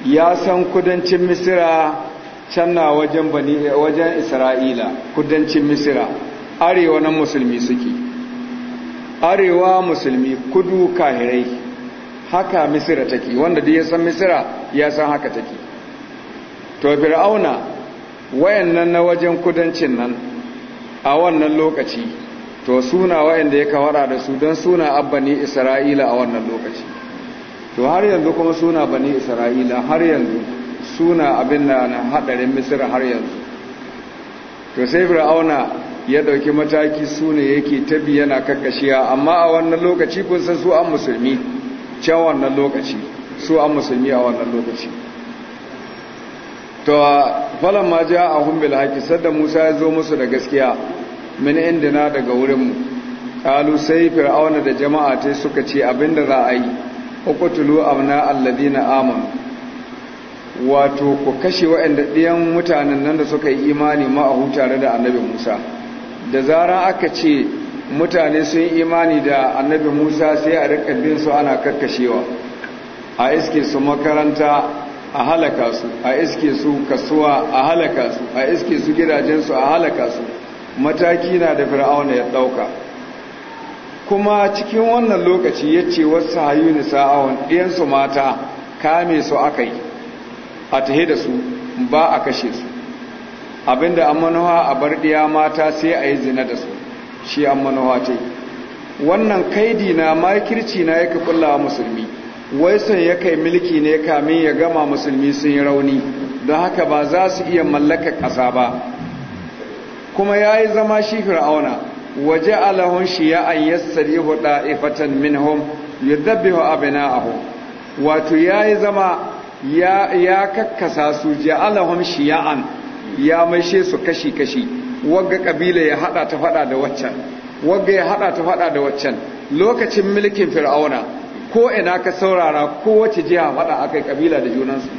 ya san kudancin misira Canna na wajen bani wajen isra'ila kudancin misira arewa na musulmi suke arewa musulmi kudu kahirai haka misira take wanda da ya san misira ya san haka take to fir'auna wayannan na wajen kudancin nan a wannan lokaci to suna wayanda ya kawara da su don suna abbani isra'ila a wannan lokaci to har yanzu kuma suna bani isra'ila har yanzu suna abin na hadarin misira har yanzu to sai fir'auna ya ɗauki mataki sune yake tabi yana kakkashiya amma a wannan lokaci kun san su an musulmi can wannan lokaci su an musulmi a wannan lokaci to falan ma ja a humbil haki sadda musa ya zo musu da gaskiya min indina daga wurinmu ƙalu sai fir'auna da jama'a ta suka ce abin da za a yi uqtulu abna alladhina amanu wato ku kashe waɗanda ɗiyan mutanen nan da suka yi imani ma'ahu tare da annabi musa da zara aka ce mutane sun yi imani da annabi musa sai a rika bin su ana karkashewa a iske su makaranta a halaka su a iske su kasuwa a halaka su a iske su gidajensu a halaka su mataki na da fir'auna ya ɗauka kuma cikin wannan lokaci ya ce wasu hayu nisa'awon ɗiyansu mata kame su aka yi a tahe da su ba a kashe su abinda an manowa a bar diya mata sai a yi zina da su shi an manowa ta yi wannan kaidi na makirci na yake kullawa musulmi wai sai ya kai mulki ne kamin ya gama musulmi sun yi rauni don haka ba za su iya mallaka ƙasa ba kuma ya yi zama shi fir'auna waje alahun shi ya an yassari ya ifatan minhum yudabbihu abina'ahu wato ya yi zama ya ya kakkasa su ja'alahum shiya'an ya maishe su kashi kashi wagga kabila ya hada ta fada da waccan wagga ya hada ta fada da waccan lokacin mulkin fir'auna ko ina ka saurara kowace jiha fada akai kabila da junansu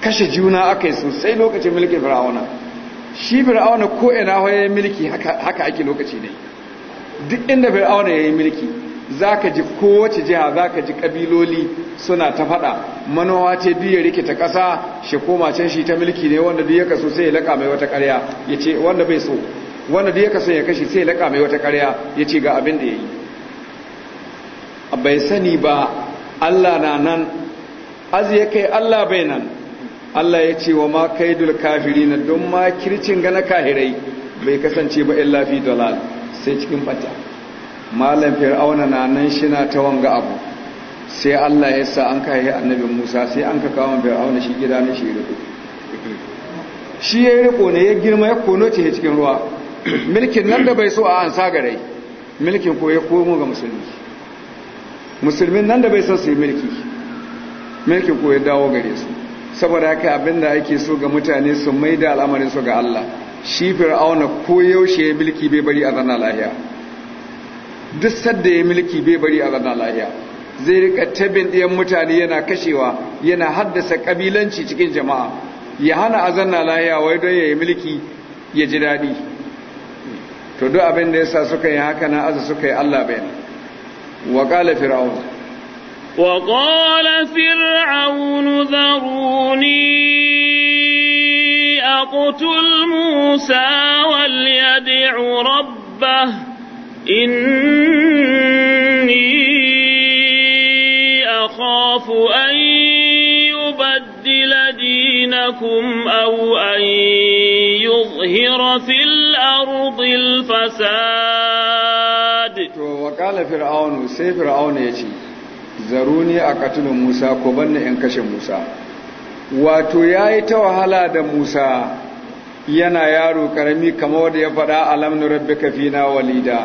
kashe juna akai sosai lokacin mulkin fir'auna shi fir'auna ko ina hoye mulki haka haka ake lokaci ne duk inda fir'auna yayi mulki za ka ji kowace jiha za ka ji ƙabiloli suna ta faɗa manowa ce biyu ya rikita ƙasa shi koma can shi ta mulki ne wanda duk ya kaso sai ya laƙa mai wata ƙarya ya ce wanda bai so wanda duk ya kaso ya kashi sai ya laƙa mai wata ƙarya ya ce ga abin da ya yi bai sani ba allah na nan az ya kai allah bai nan allah ya ce wa ma kaidul kafiri na don ma kircin gana kahirai bai kasance ba illa fi dalal sai cikin ɓata malam fir'auna na nan shi na ta wanga abu sai Allah ya sa an kai annabi Musa sai an ka kawo fir'auna shi gida ne shi riko shi ya riko ne ya girma ya kono ce cikin ruwa milkin nan da bai so a an rai, milkin ko ya komo ga musulmi musulmin nan da bai so su yi milki milkin ko ya dawo gare su saboda haka abinda ake so ga mutane su maida al'amarin su ga Allah shi fir'auna ko yaushe ya milki bai bari a zanna lahiya duk sadda ya mulki bai bari a ranar lahiya zai rika tabin ɗiyan mutane yana kashewa yana haddasa ƙabilanci cikin jama'a ya hana a zanna lahiya wai don ya yi mulki ya ji daɗi to duk abin da ya sa suka yi haka na aza suka yi allah bayan wa ƙala fir'aun wa ƙala fir'aun zaruni a ƙutul musa wal yad'u rabbah إني أخاف أن يبدل دينكم أو أن يظهر في الأرض الفساد وقال فرعون سي فرعون يتي zaruni a katilin musa ko banna in kashe musa wato ya yi ta wahala da musa yana yaro karami kamar wadda ya faɗa alam nurabbika fina walida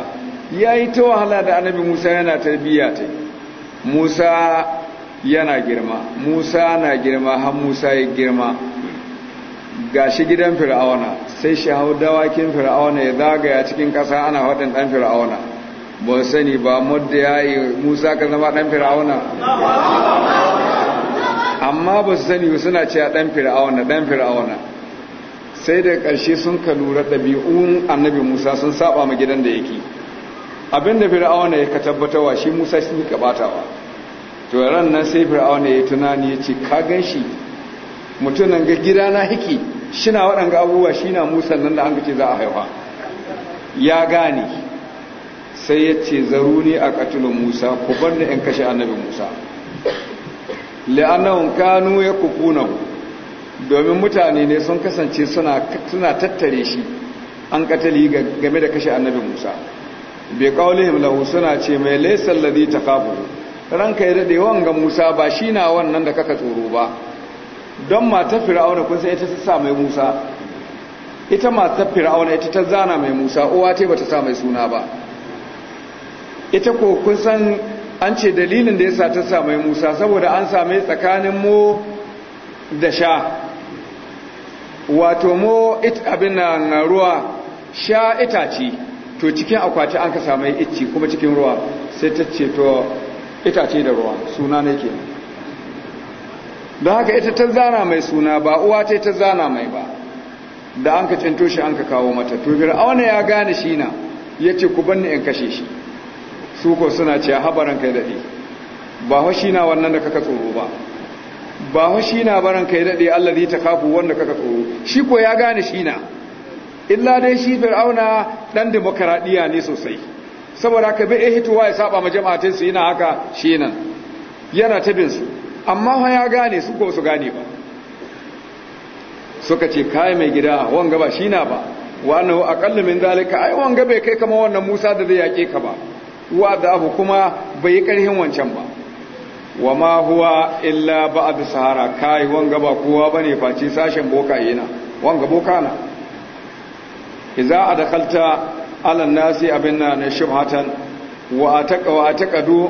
ya yi ta wahala da annabi musa yana tarbiyya ta musa yana girma musa na girma har musa ya girma ga shi gidan fir'auna sai shi hau dawakin fir'auna ya zagaya cikin ƙasa ana faɗin ɗan fir'auna ba sani ba mudda ya yi musa ka zama ɗan fir'auna amma ba su sani suna a ɗan fir'auna ɗan fir'auna sai da ƙarshe sun ka lura ɗabi'un annabi musa sun saba ma gidan da yake Abin abinda fir'auna ya ka tabbatarwa shi musa shi ne gabatawa. to ran nan sai fir'auna ya tunani ya ce ka ganshi. mutunan ga gida na hiki shina waɗanga abubuwa shina musa nan da an gace za a haifa ya gane sai ya ce zaruni a katilun musa ku bar da ɗan kashe annabi musa la'annahum kanu yakufunahu domin mutane ne sun kasance suna tattare shi an katali game da kashe annabi musa bai qaulihim lahu suna ce mai laysa ta kafu. ranka ya daɗe wanga Musa ba shi na wannan da kaka tsoro ba don mata fir'auna kun sai ita ta sa mai Musa ita mata fir'auna ita ta zana mai Musa uwa ta bata sa mai suna ba ita ko kun san an ce dalilin da ya sa ta sa mai Musa saboda an same tsakanin mu da sha wato mu it abin na ruwa sha itace. to cikin akwati an ka samu icci kuma cikin ruwa sai ta ce to itace da ruwa suna ne ke Da haka ita ta zana mai suna ba uwa ta ta zana mai ba da an ka cinto shi an ka kawo mata to wani ya gane shi na ya ce ku banni in kashe shi su ko suna ce habaran kai daɗe ba shi na wannan da kaka tsoro ba ba shi na baran kai daɗe allazi ta kafu wanda kaka tsoro shi ko ya gane shi na illa dai shi fir'auna dan demokradiya ne sosai saboda ka bi ehituwa ya saba ma jama'atin su yana haka shi nan yana tabin su amma fa ya gane su ko su gane ba suka ce kai mai gida wanga ba shi na ba wa annahu min zalika ai wanga bai kai kama wannan Musa da zai yake ka ba wa da abu kuma bai karhin wancan ba wa ma huwa illa ba'd sahara kai wanga ba kowa bane face sashen boka yana wanga boka na idza adkhalta alan nasi abin na shubhatan wa ataka wa ataqadu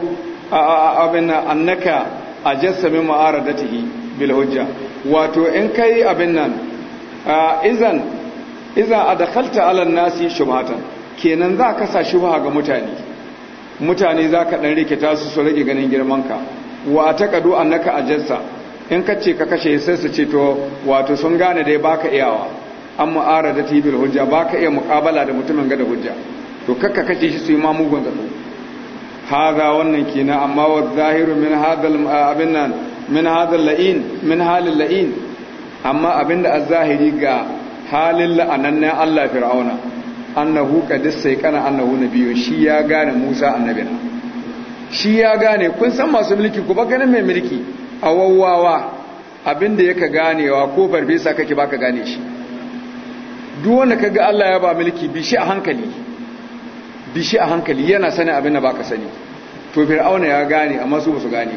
abinna annaka ajassa min da tihi bilhujja wato in ka yi abin nan izan izan adkhalta alan nasi shubhatan kenan za ka sa shubha ga mutane mutane za ka ɗan rikita su su rage ganin girmanka wa ataqadu annaka ajassa in ka ce ka kashe sai su ce to wato sun gane dai baka iyawa an ma'ara ta bil hujja ba ka iya mukabala da mutumin gada hujja to kakka kace shi su yi ma zato haza wannan kenan amma wa zahiru min hadal abin nan min hadal la'in min halil la'in amma abin da zahiri ga halin na Allah fir'auna annahu qad saykana annahu nabiyyu shi ya gane Musa annabina shi ya gane kun san masu mulki ku ba ganin mai mulki a wawwawa abinda yaka ganewa ko farfesa kake baka gane shi duk wanda kaga Allah ya ba mulki bi shi a hankali bi shi a hankali yana sanin abin da baka sani to fir'auna ya gane amma su basu gane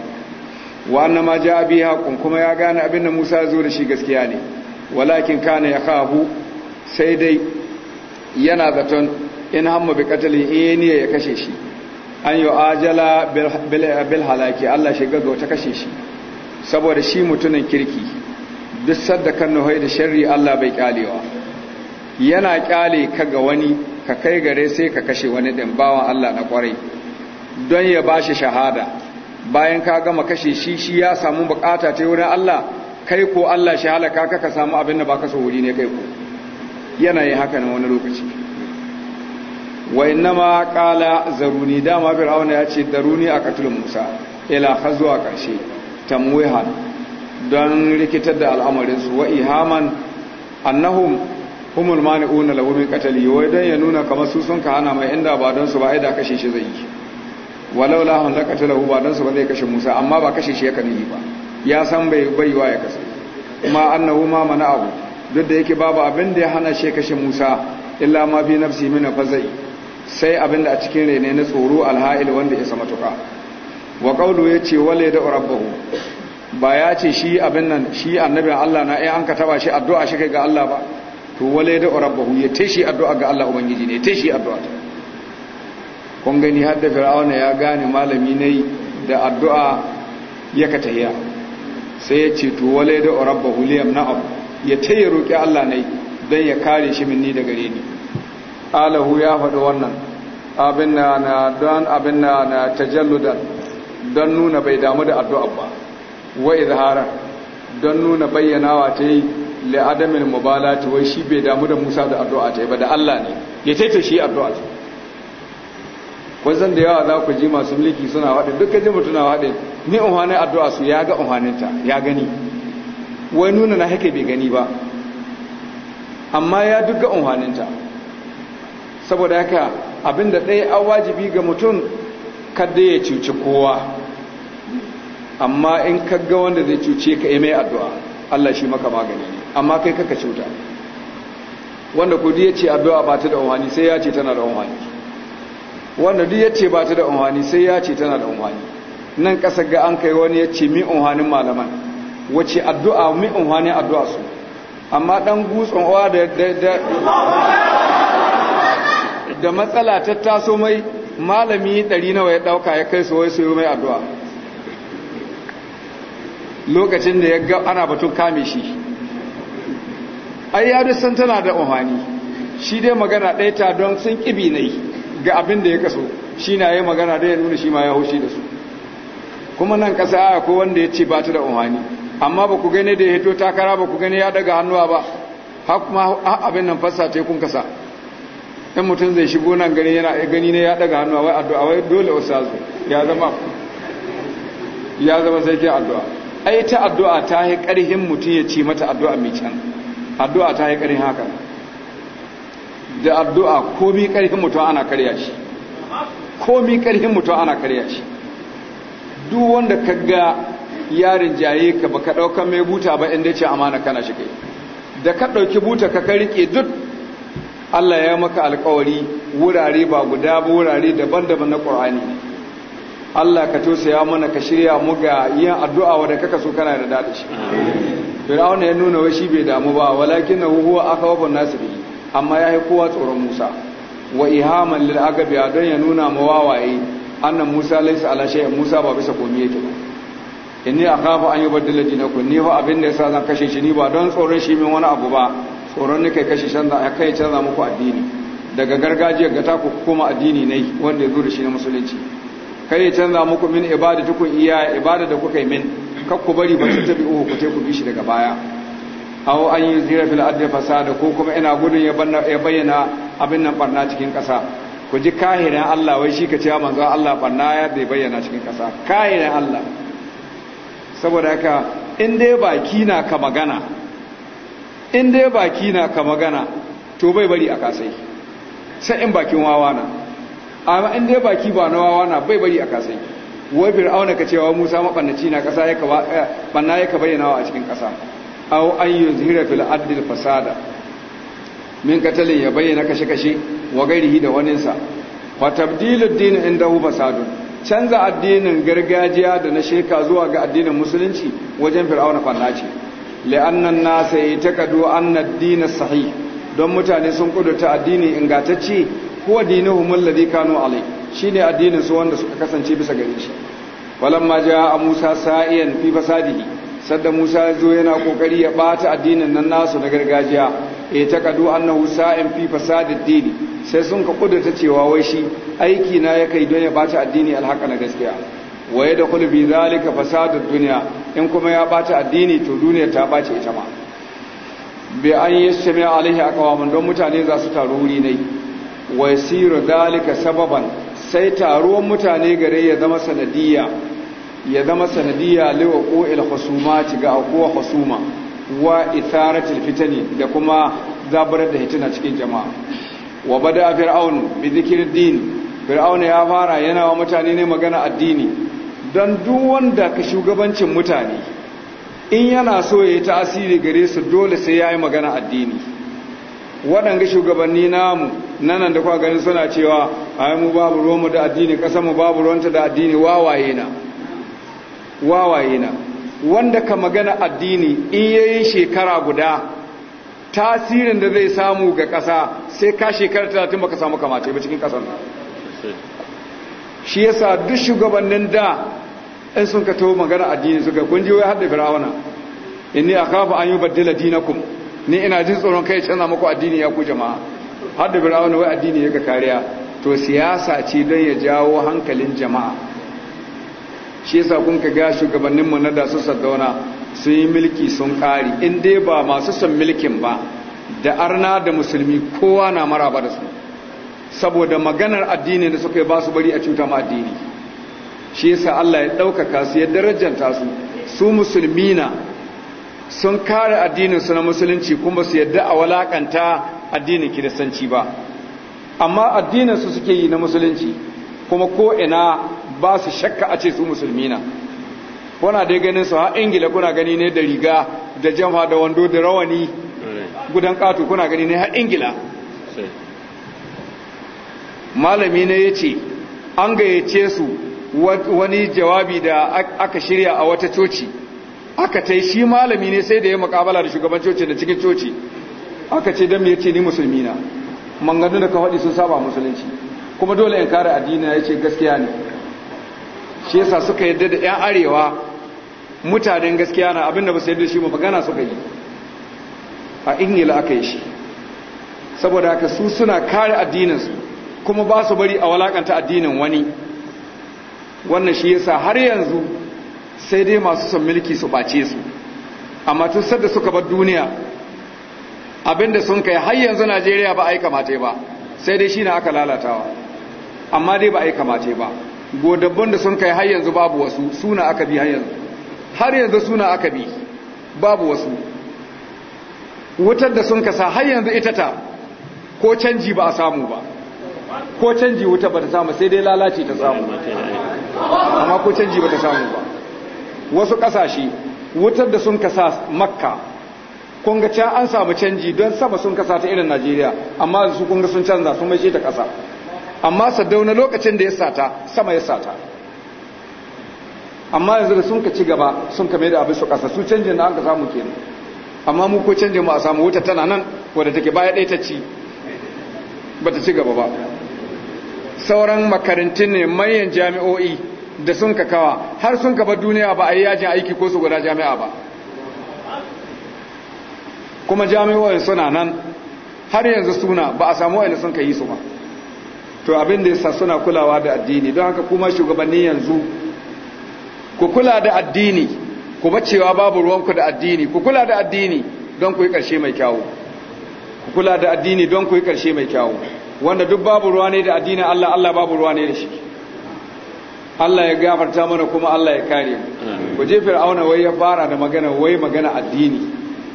wa ma ja bi haqqun kuma ya gane abin da Musa ya zo da shi gaskiya ne walakin kana yakhafu sai dai yana zaton in hamma bi qatli in eh, ya kashe shi an yi ajala bil halaki Allah shi ga ta kashe shi saboda shi mutumin kirki duk sadda kan nuhai da sharri Allah bai kyalewa yana kyale ka ga wani ka kai gare sai ka kashe wani din bawan Allah na kwarai don ya bashi shahada bayan ka gama kashe shi shi ya samu bukata ta wurin Allah kai ko Allah shi halaka ka ka samu abin da ba ka so wuri ne kai ko yana yi haka na wani lokaci wa innama qala zaruni dama fir'auna ya ce daruni a katul musa ila khazwa karshe tamwiha don rikitar da al'amarin su wa ihaman annahum humul mani'una lahu min qatali wai don ya nuna kamar su sun ka hana mai inda ba don su ba ai da kashe shi zai yi walau la hun hu ba don su ba zai kashe Musa amma ba kashe shi ya kani ba ya san bai baiwa ya kasa. kuma annahu ma abu duk da yake babu abin da ya hana shi kashe Musa illa ma fi nafsi min fazai sai abin da a cikin rene na tsoro alha'il wanda ya matuka. tuka wa qawlu yace wala da rabbahu ba ya ce shi abin nan shi annabin Allah na ai eh an ka taba shi addu'a shi kai ga Allah ba to wale da rabbahu ya tashi addu'a ga Allah ubangiji ne tashi addu'a ta kun gani har da fir'auna ya gane malami ne da addu'a ya ka tahiya sai ya ce to wale da rabbahu liyam na'ab ya tayi roki Allah ne dan ya kare shi minni daga gare ni alahu ya faɗi wannan abin na na don abin na na tajalludan don nuna bai damu da addu'a ba wa izhara don nuna wa ta yi li adamil mubalati wai shi bai damu da Musa da addu'a ta ba da Allah ne ya taita shi addu'a ta wazan da yawa za ku ji masu mulki suna haɗe dukkan ji mutum na haɗe ni unhanin addu'a su ya ga unhaninta ya gani wai nuna na haka bai gani ba amma ya duka unhaninta saboda haka abinda ɗaya an wajibi ga mutum kada ya cuci kowa amma in kaga wanda zai cuce ka yi mai addu'a Allah shi maka magani ne amma kai kaka cuta wanda ku ya ce addu'a ba ta da unhani sai ya ce tana da unhani wanda duk ya ce ba ta da unhani sai ya ce tana da unhani nan ƙasa ga an kai wani ya ce mi unhanin malaman wace addu'a mi unhanin addu'a su amma ɗan gutsun owa da da matsala ta taso mai malami ɗari nawa ya ɗauka ya kai su yi mai addu'a lokacin da ya ga ana batun kame shi ai ya san tana da umarni shi dai magana ɗaya ta don sun ƙibi yi ga abin da ya kaso shi na yi magana da ya nuna shi ma ya haushi da su kuma nan ƙasa ko wanda ya ce ba ta da umarni amma ba ku gane da ya hito takara ba ku gane ya daga hannuwa ba har kuma abin nan fassa ce kun kasa in mutum zai shigo nan gani yana gani ne ya daga hannuwa wai addu'a wai dole wasu ya zama ya zama sai ke addu'a ai ta addu'a ta yi ƙarhin mutum ya ce mata addu'a mai can addu'a ta yi ƙarin haka da addu'a komi ƙarfin mutum ana karya shi komi ƙarfin mutum ana karya shi duk wanda ka ga yarin jaye ka baka ɗaukan mai buta ba inda ce amana kana shi kai da ka ɗauki buta ka karike duk Allah ya maka alkawari wurare ba guda ba wurare daban-daban na ƙorani Allah ka ya mana ka shirya mu ga yin addu'a wadda kaka so kana da daɗi shi fir'auna ya nuna wai shi bai damu ba walakin na huwa aka wafa nasu bi amma ya yi kowa tsoron musa wa ihaman lil agabi don ya nuna ma wawaye annan musa laisa ala shay'in musa ba bisa komai yake ba inni akhafu an yubaddila dinakum ni fa abin da yasa zan kashe shi ni ba don tsoron shi min wani abu ba tsoron kai kashe shi zan kai canza muku addini daga gargajiyar ga taku kuma addini ne wanda ya zo da shi na musulunci kai ya canza muku min ibadatukum iya ibada da kuka yi min kakku bari ba su tabi uku ku ku bishi daga baya aw an yi zira fil adda fasada ko kuma ina gudun ya bayyana abin nan barna cikin kasa ku ji kahirin Allah wai shi ka ce manzo Allah barna ya da bayyana cikin kasa kahirin Allah saboda haka in dai baki na ka magana in dai baki na ka magana to bai bari a kasai sai in bakin wawa na amma in dai baki ba na wawa na bai bari a kasai wai fir'auna ka cewa musa mafannaci na kasa yaka ka bayyana a cikin kasa au an zira fil adil fasada min katalin ya bayyana kashe kashe wa gairihi da waninsa tabdilu tabdilud inda hu fasadu canza addinin gargajiya da na sheka zuwa ga addinin musulunci wajen fir'auna banna ce li'annan ta kadu an na dina sahih don mutane sun ta addini ingantacce huwa dinuhum alladhi kano alai. ne addinin su wanda suka kasance bisa gare shi ja a Musa sa'iyan fi fasadihi sadda Musa ya zo yana kokari ya bata addinin nan nasu na gargajiya E, ta kadu annahu sa'in fi fasadid dini sai sun ka kudurta cewa wai shi aiki na ya kai don ya bata addini alhaka na gaskiya waye da bi zalika fasadud dunya in kuma ya bata addini to duniya ta bace ita ma bi an yashmi alaihi aqwamun don mutane za su taru wuri ne wa yasiru zalika sababan sai taruwan mutane gare ya zama sanadiyya ya zama sanadiyya liwa ko il ci ga kowa husuma wa itharatil fitani da kuma zabar da hitina cikin jama'a wa bada fir'aun bi zikir din fir'aun ya fara yana wa mutane ne magana addini don duk wanda ka shugabancin mutane in yana so ya yi tasiri gare su dole sai yayi magana addini waɗanga shugabanni namu nan da kwa ganin suna cewa ai mu babu ruwanmu da addini ƙasa mu babu ruwanta da addini wawaye na wawaye na wanda ka magana addini in yayi shekara guda tasirin da zai samu ga ƙasa sai ka shekara talatin baka samu kamata ba cikin ƙasar shi yasa duk shugabannin da in sun ka taho magana addini suka kun ji wai hadda firawuna inni akhafu an yubaddila dinakum ni ina jin tsoron kai canza muku addini ya ku jama'a har da birawa wai addini ya ga kariya to siyasa ce don ya jawo hankalin jama'a shi yasa kun ka ga mu na da su saddauna sun yi mulki sun kari in dai ba masu son mulkin ba da arna da musulmi kowa na maraba da su saboda maganar addini da suka yi ba su bari a cuta ma addini shi yasa Allah ya ɗaukaka su ya darajanta su su musulmi na sun kare addinin su na musulunci kuma su yadda a walakanta addinin kiristanci ba amma addininsu su suke yi na musulunci kuma ko ina ba su shakka a ce su musulmi na kuna dai ganin su ha ingila kuna gani ne da riga da jama da wando da rawani gudan katu kuna gani ne ha ingila malami ne ya ce an gayyace su wani jawabi da aka shirya a wata coci aka ta shi malami ne sai da ya makabala da shugaban coci da cikin coci aka ce don ya ce ni musulmi na manganu da kawaɗi sun saba musulunci kuma dole in kare addini ya ce gaskiya ne shi yasa suka yadda da 'yan arewa mutanen gaskiya na abinda ba su yadda shi ba magana suka yi a ingila aka yi shi saboda haka su suna kare addininsu kuma ba su bari a walakanta addinin wani wannan shi yasa har yanzu sai dai masu son mulki su ɓace su amma tun sadda suka bar duniya abinda sun kai har yanzu najeriya ba a yi kamate ba sai dai shi ne aka lalatawa amma dai ba a yi kamate ba godabban da sun kai har yanzu babu wasu suna aka bi har yanzu har yanzu suna aka bi babu wasu wutar da sun kasa har yanzu ita ta ko canji ba a samu ba ko canji wuta ba ta samu sai dai lalace ta samu amma ko canji ba ta samu ba wasu kasashe wutar da sun kasa makka kun ga can an samu canji don sama sun kasa ta irin najeriya amma su kun ga sun canza sun mai ta kasa amma sadau na lokacin da ya sata sama ya sata amma yanzu da sun ka ci gaba sun kame da abin su kasa su canjin da an ka samu kenan amma mu ko canjin mu a samu wuta tana nan wadda take baya ɗaya ta ci ba ta ci gaba ba sauran makarantun ne manyan jami'o'i da sun ka kawa har sun ka ba duniya ba a yi yajin aiki ko su guda jami'a ba kuma jami'o'in suna nan har yanzu suna ba a samu wa'ina sun ka yi su ba to abin da yasa suna kulawa da addini don haka kuma shugabanni yanzu ku kula da addini ku bacewa babu ruwanku da addini ku kula da addini don ku yi ƙarshe mai kyawu ku kula da addini don ku yi ƙarshe mai kyawu wanda duk babu ruwa ne da addini Allah Allah babu ruwa ne da shi Allah ya gafarta mana kuma Allah ya kare mu ku je fir'auna wai ya fara da magana wai magana addini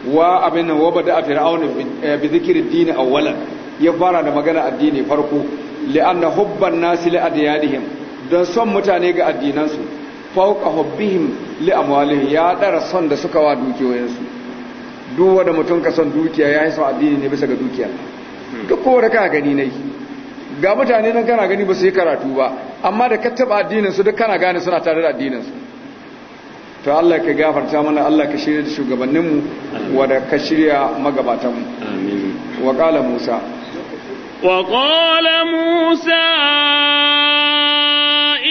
wa abin nan waba da fir'auna bi eh, zikri dini awwalan ya fara da magana addini farko li'anna hubban nasi li adyadihim dan son mutane ga addinansu fauqa hubbihim li amwalihim ya dara son da suka wa dukiyoyinsu duk wanda mutum ka son dukiya yayi yi son addini ne bisa ga dukiya hmm. duk kowa da ka gani nayi ga mutane nan kana gani ba su yi karatu ba amma da ka taba addinin su duk kana gane suna tare da addinin su to Allah ka gafarta mana Allah ka shirya da shugabanninmu wadda ka shirya magabatanmu wa ƙala Musa wa ƙala Musa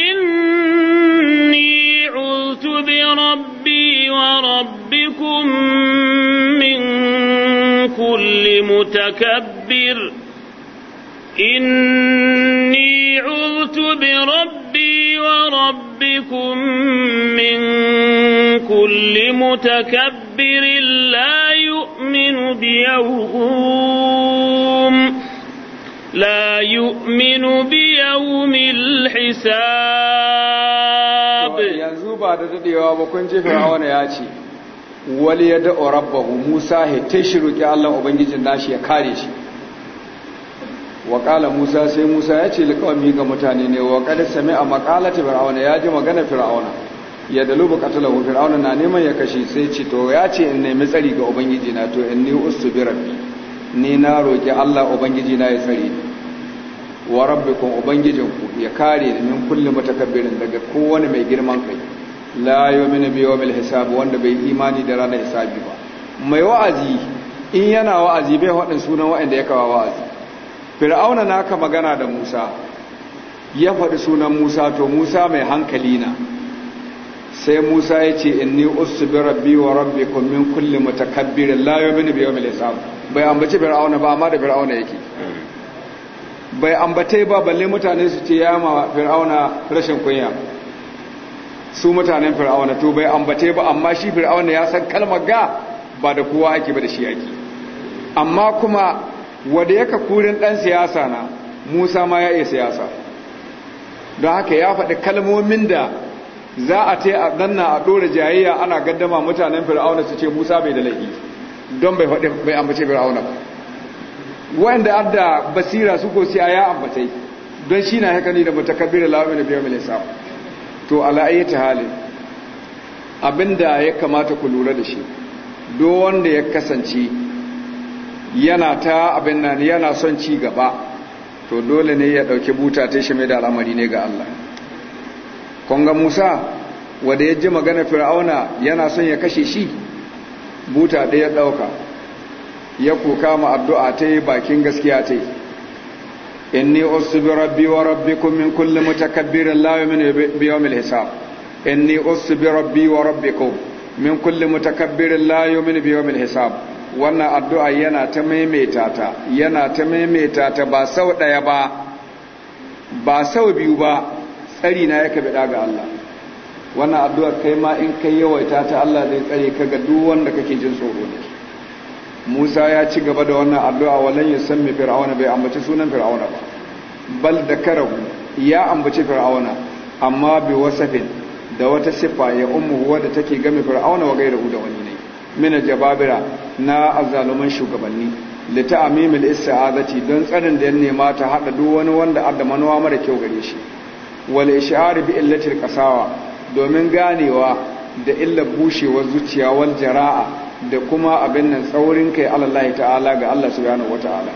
inni utu bi rabbi wa rabbikum min kulli mutakabbir إني عذت بربي وربكم من كل متكبر لا يؤمن بيوم لا يؤمن بيوم الحساب yanzu ba da dadewa ba kun ji fir'auna ya ce wal yad'u rabbahu musa he tashi roki Allah ubangijin nashi ya kare shi wa musa sai musa ya ce liƙawami ga mutane ne wa kada sami a makalata fir'auna ya ji magana fir'auna ya dalu bukata lahu fir'auna na neman ya kashe sai ce to ya ce in nemi tsari ga ubangiji na to in ni ustu bi rabbi ni na roƙi Allah ubangiji na ya tsare ni wa rabbikum ku ya kare ni min kulli mutakabbirin daga kowane mai girman kai la yu'minu bi yawmil hisab wanda bai imani da ranar hisabi ba mai wa'azi in yana wa'azi bai haɗin sunan wa'anda ya kawo wa'azi fir'auna naka magana da musa ya faɗi sunan musa to musa mai hankali na sai musa ya ce inni usbi rabbi wa rabbikum min kulli mutakabbirin la yu'minu bi yawmil hisab bai ambaci fir'auna ba amma da fir'auna yake bai ambate ba balle mutane su ce ya ma fir'auna rashin kunya su mutanen fir'auna to bai ambate ba amma shi fir'auna ya san kalmar ga ba da kowa ake ba da shi ake amma kuma wadda yaka kurin ɗan siyasa na Musa ma ya iya siyasa don haka ya faɗi kalmomin da za a te a danna a ɗora jayayya ana gaddama mutanen fir'auna su ce Musa bai da laifi don bai faɗi bai ambace fir'auna ba wanda adda basira su ko siya ya ambace don shi na haka ne da mutakabbir lawa ne biyar milisa to ala ta hali abinda ya kamata ku lura da shi do wanda ya kasance yana ta abin nan yana son ci gaba to dole ne ya ɗauki buta ta shi mai da al'amari ne ga Allah ga musa wanda ya ji magana fir'auna yana son ya kashe shi buta ɗaya ɗauka ya kuka ma addu'a ta yi bakin gaskiya ta yi inni usbi rabbi wa rabbikum min kulli mutakabbirin la yu'minu bi yawmil hisab inni usbi rabbi wa rabbikum min kulli mutakabbirin la yu'minu bi yawmil hisab wannan addu'a yana ta maimaita ta yana ta maimaita ta ba sau ɗaya ba ba sau biyu ba tsari na ya kabe ɗaga Allah wannan addu'ar kai ma in kai yawaita ta Allah zai tsare ka ga duk wanda kake jin tsoro ne Musa ya ci gaba da wannan addu'a walan ya san mai fir'auna bai ambaci sunan fir'auna ba bal da karahu ya ambaci fir'auna amma bi wasafin da wata siffa ya ummu wadda take game fir'auna wa gairahu da wani ne mina jababira na azzaluman shugabanni ta amimil isa'adati don tsarin da ya nema ta hada duk wani wanda adda manuwa mara kyau gare shi wale ish'ar bi illatil kasawa domin ganewa da illa bushewar zuciya wal jara'a da kuma abin nan tsaurin kai Allah ta'ala ga Allah subhanahu wata'ala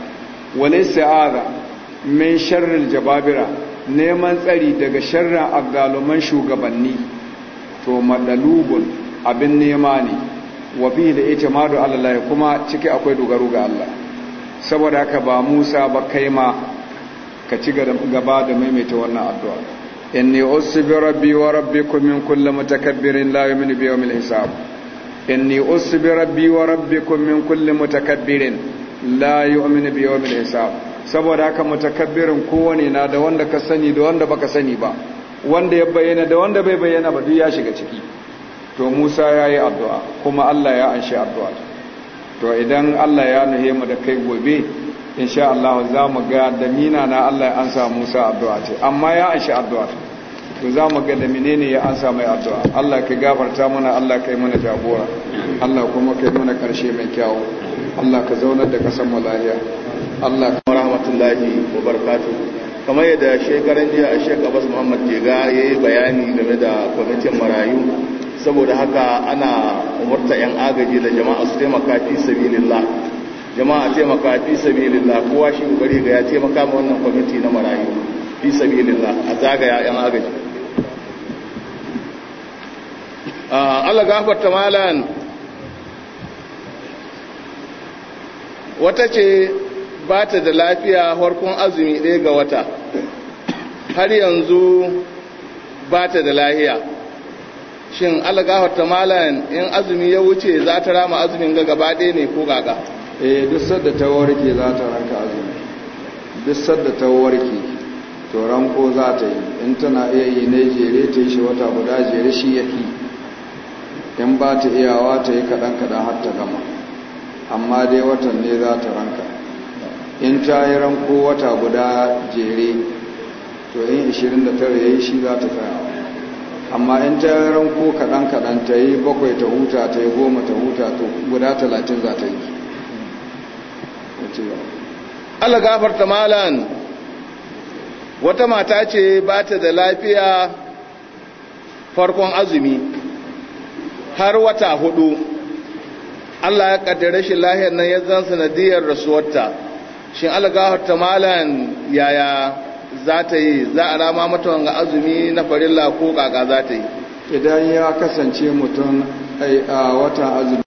wale isti'aza min sharrin jababira neman tsari daga sharrin azzaluman shugabanni to madalubun abin nema ne wa bihi da ita madu Allah kuma ciki akwai dogaro ga Allah saboda haka ba Musa ba kai ma ka ci gaba da maimaita wannan addu'a inni usbi rabbi wa rabbikum min kulli mutakabbirin la yu'minu bi yawmil hisab inni usbi rabbi wa rabbikum min kulli mutakabbirin la yu'minu bi yawmil hisab saboda haka mutakabbirin kowane na da wanda ka sani da wanda baka sani ba wanda ya bayyana da wanda bai bayyana ba duk ya shiga ciki to Musa ya yi addu'a kuma Allah ya anshi addu'a to idan Allah ya nuhe mu da kai gobe insha Allah za mu ga damina na Allah ya ansa Musa addu'a ce amma ya anshi addu'a to za mu ga damine ne ya ansa mai addu'a Allah ka gafarta mana Allah kai mana jagora Allah kuma kai mana karshe mai kyawo Allah ka zaunar da kasan mu lafiya Allah kuma rahmatullahi wa barkatu kamar yadda shekaran jiya a shek abbas muhammad jega ya yi bayani game da kwamitin marayu saboda haka ana umarta 'yan agaji da jama'a su taimaka fi sabilillah jama'a taimaka fi sabilillah kowa shi kokari ga ya taimaka ma wannan kwamiti na marayu fi sabilillah a zagaya 'yan agaji Allah ta malan wata ce ba ta da lafiya harkun azumi ɗaya ga wata har yanzu ba ta da lahiya shin alagahar ta malayan in azumi ya wuce za ta rama azumin ga gaba ɗaya ne ko gaga eh duk sadda ta warke za ta ranka azumi duk sadda ta warke to ranko za ta yi in tana iya yi ne jere ta yi shi wata guda jere shi ya fi in ba ta iyawa ta yi kaɗan kaɗan har ta gama amma dai watan ne za ta ranka in ta yi ranko wata guda jere to in 29 ya yi shi za ta tsayawa amma in ta ranko kaɗan kaɗan ta yi bakwai ta huta ta yi goma ta huta to guda talatin za ta yi Allah gafarta malan wata mata ce ba ta da lafiya farkon azumi har wata hudu Allah ya kaddare shi lahiyar nan ya zan sanadiyar rasuwarta shin Allah gafarta malan yaya za ta yi za a rama mata wanga azumi na farilla ko kaka za ta yi idan ya kasance mutum a watan azumi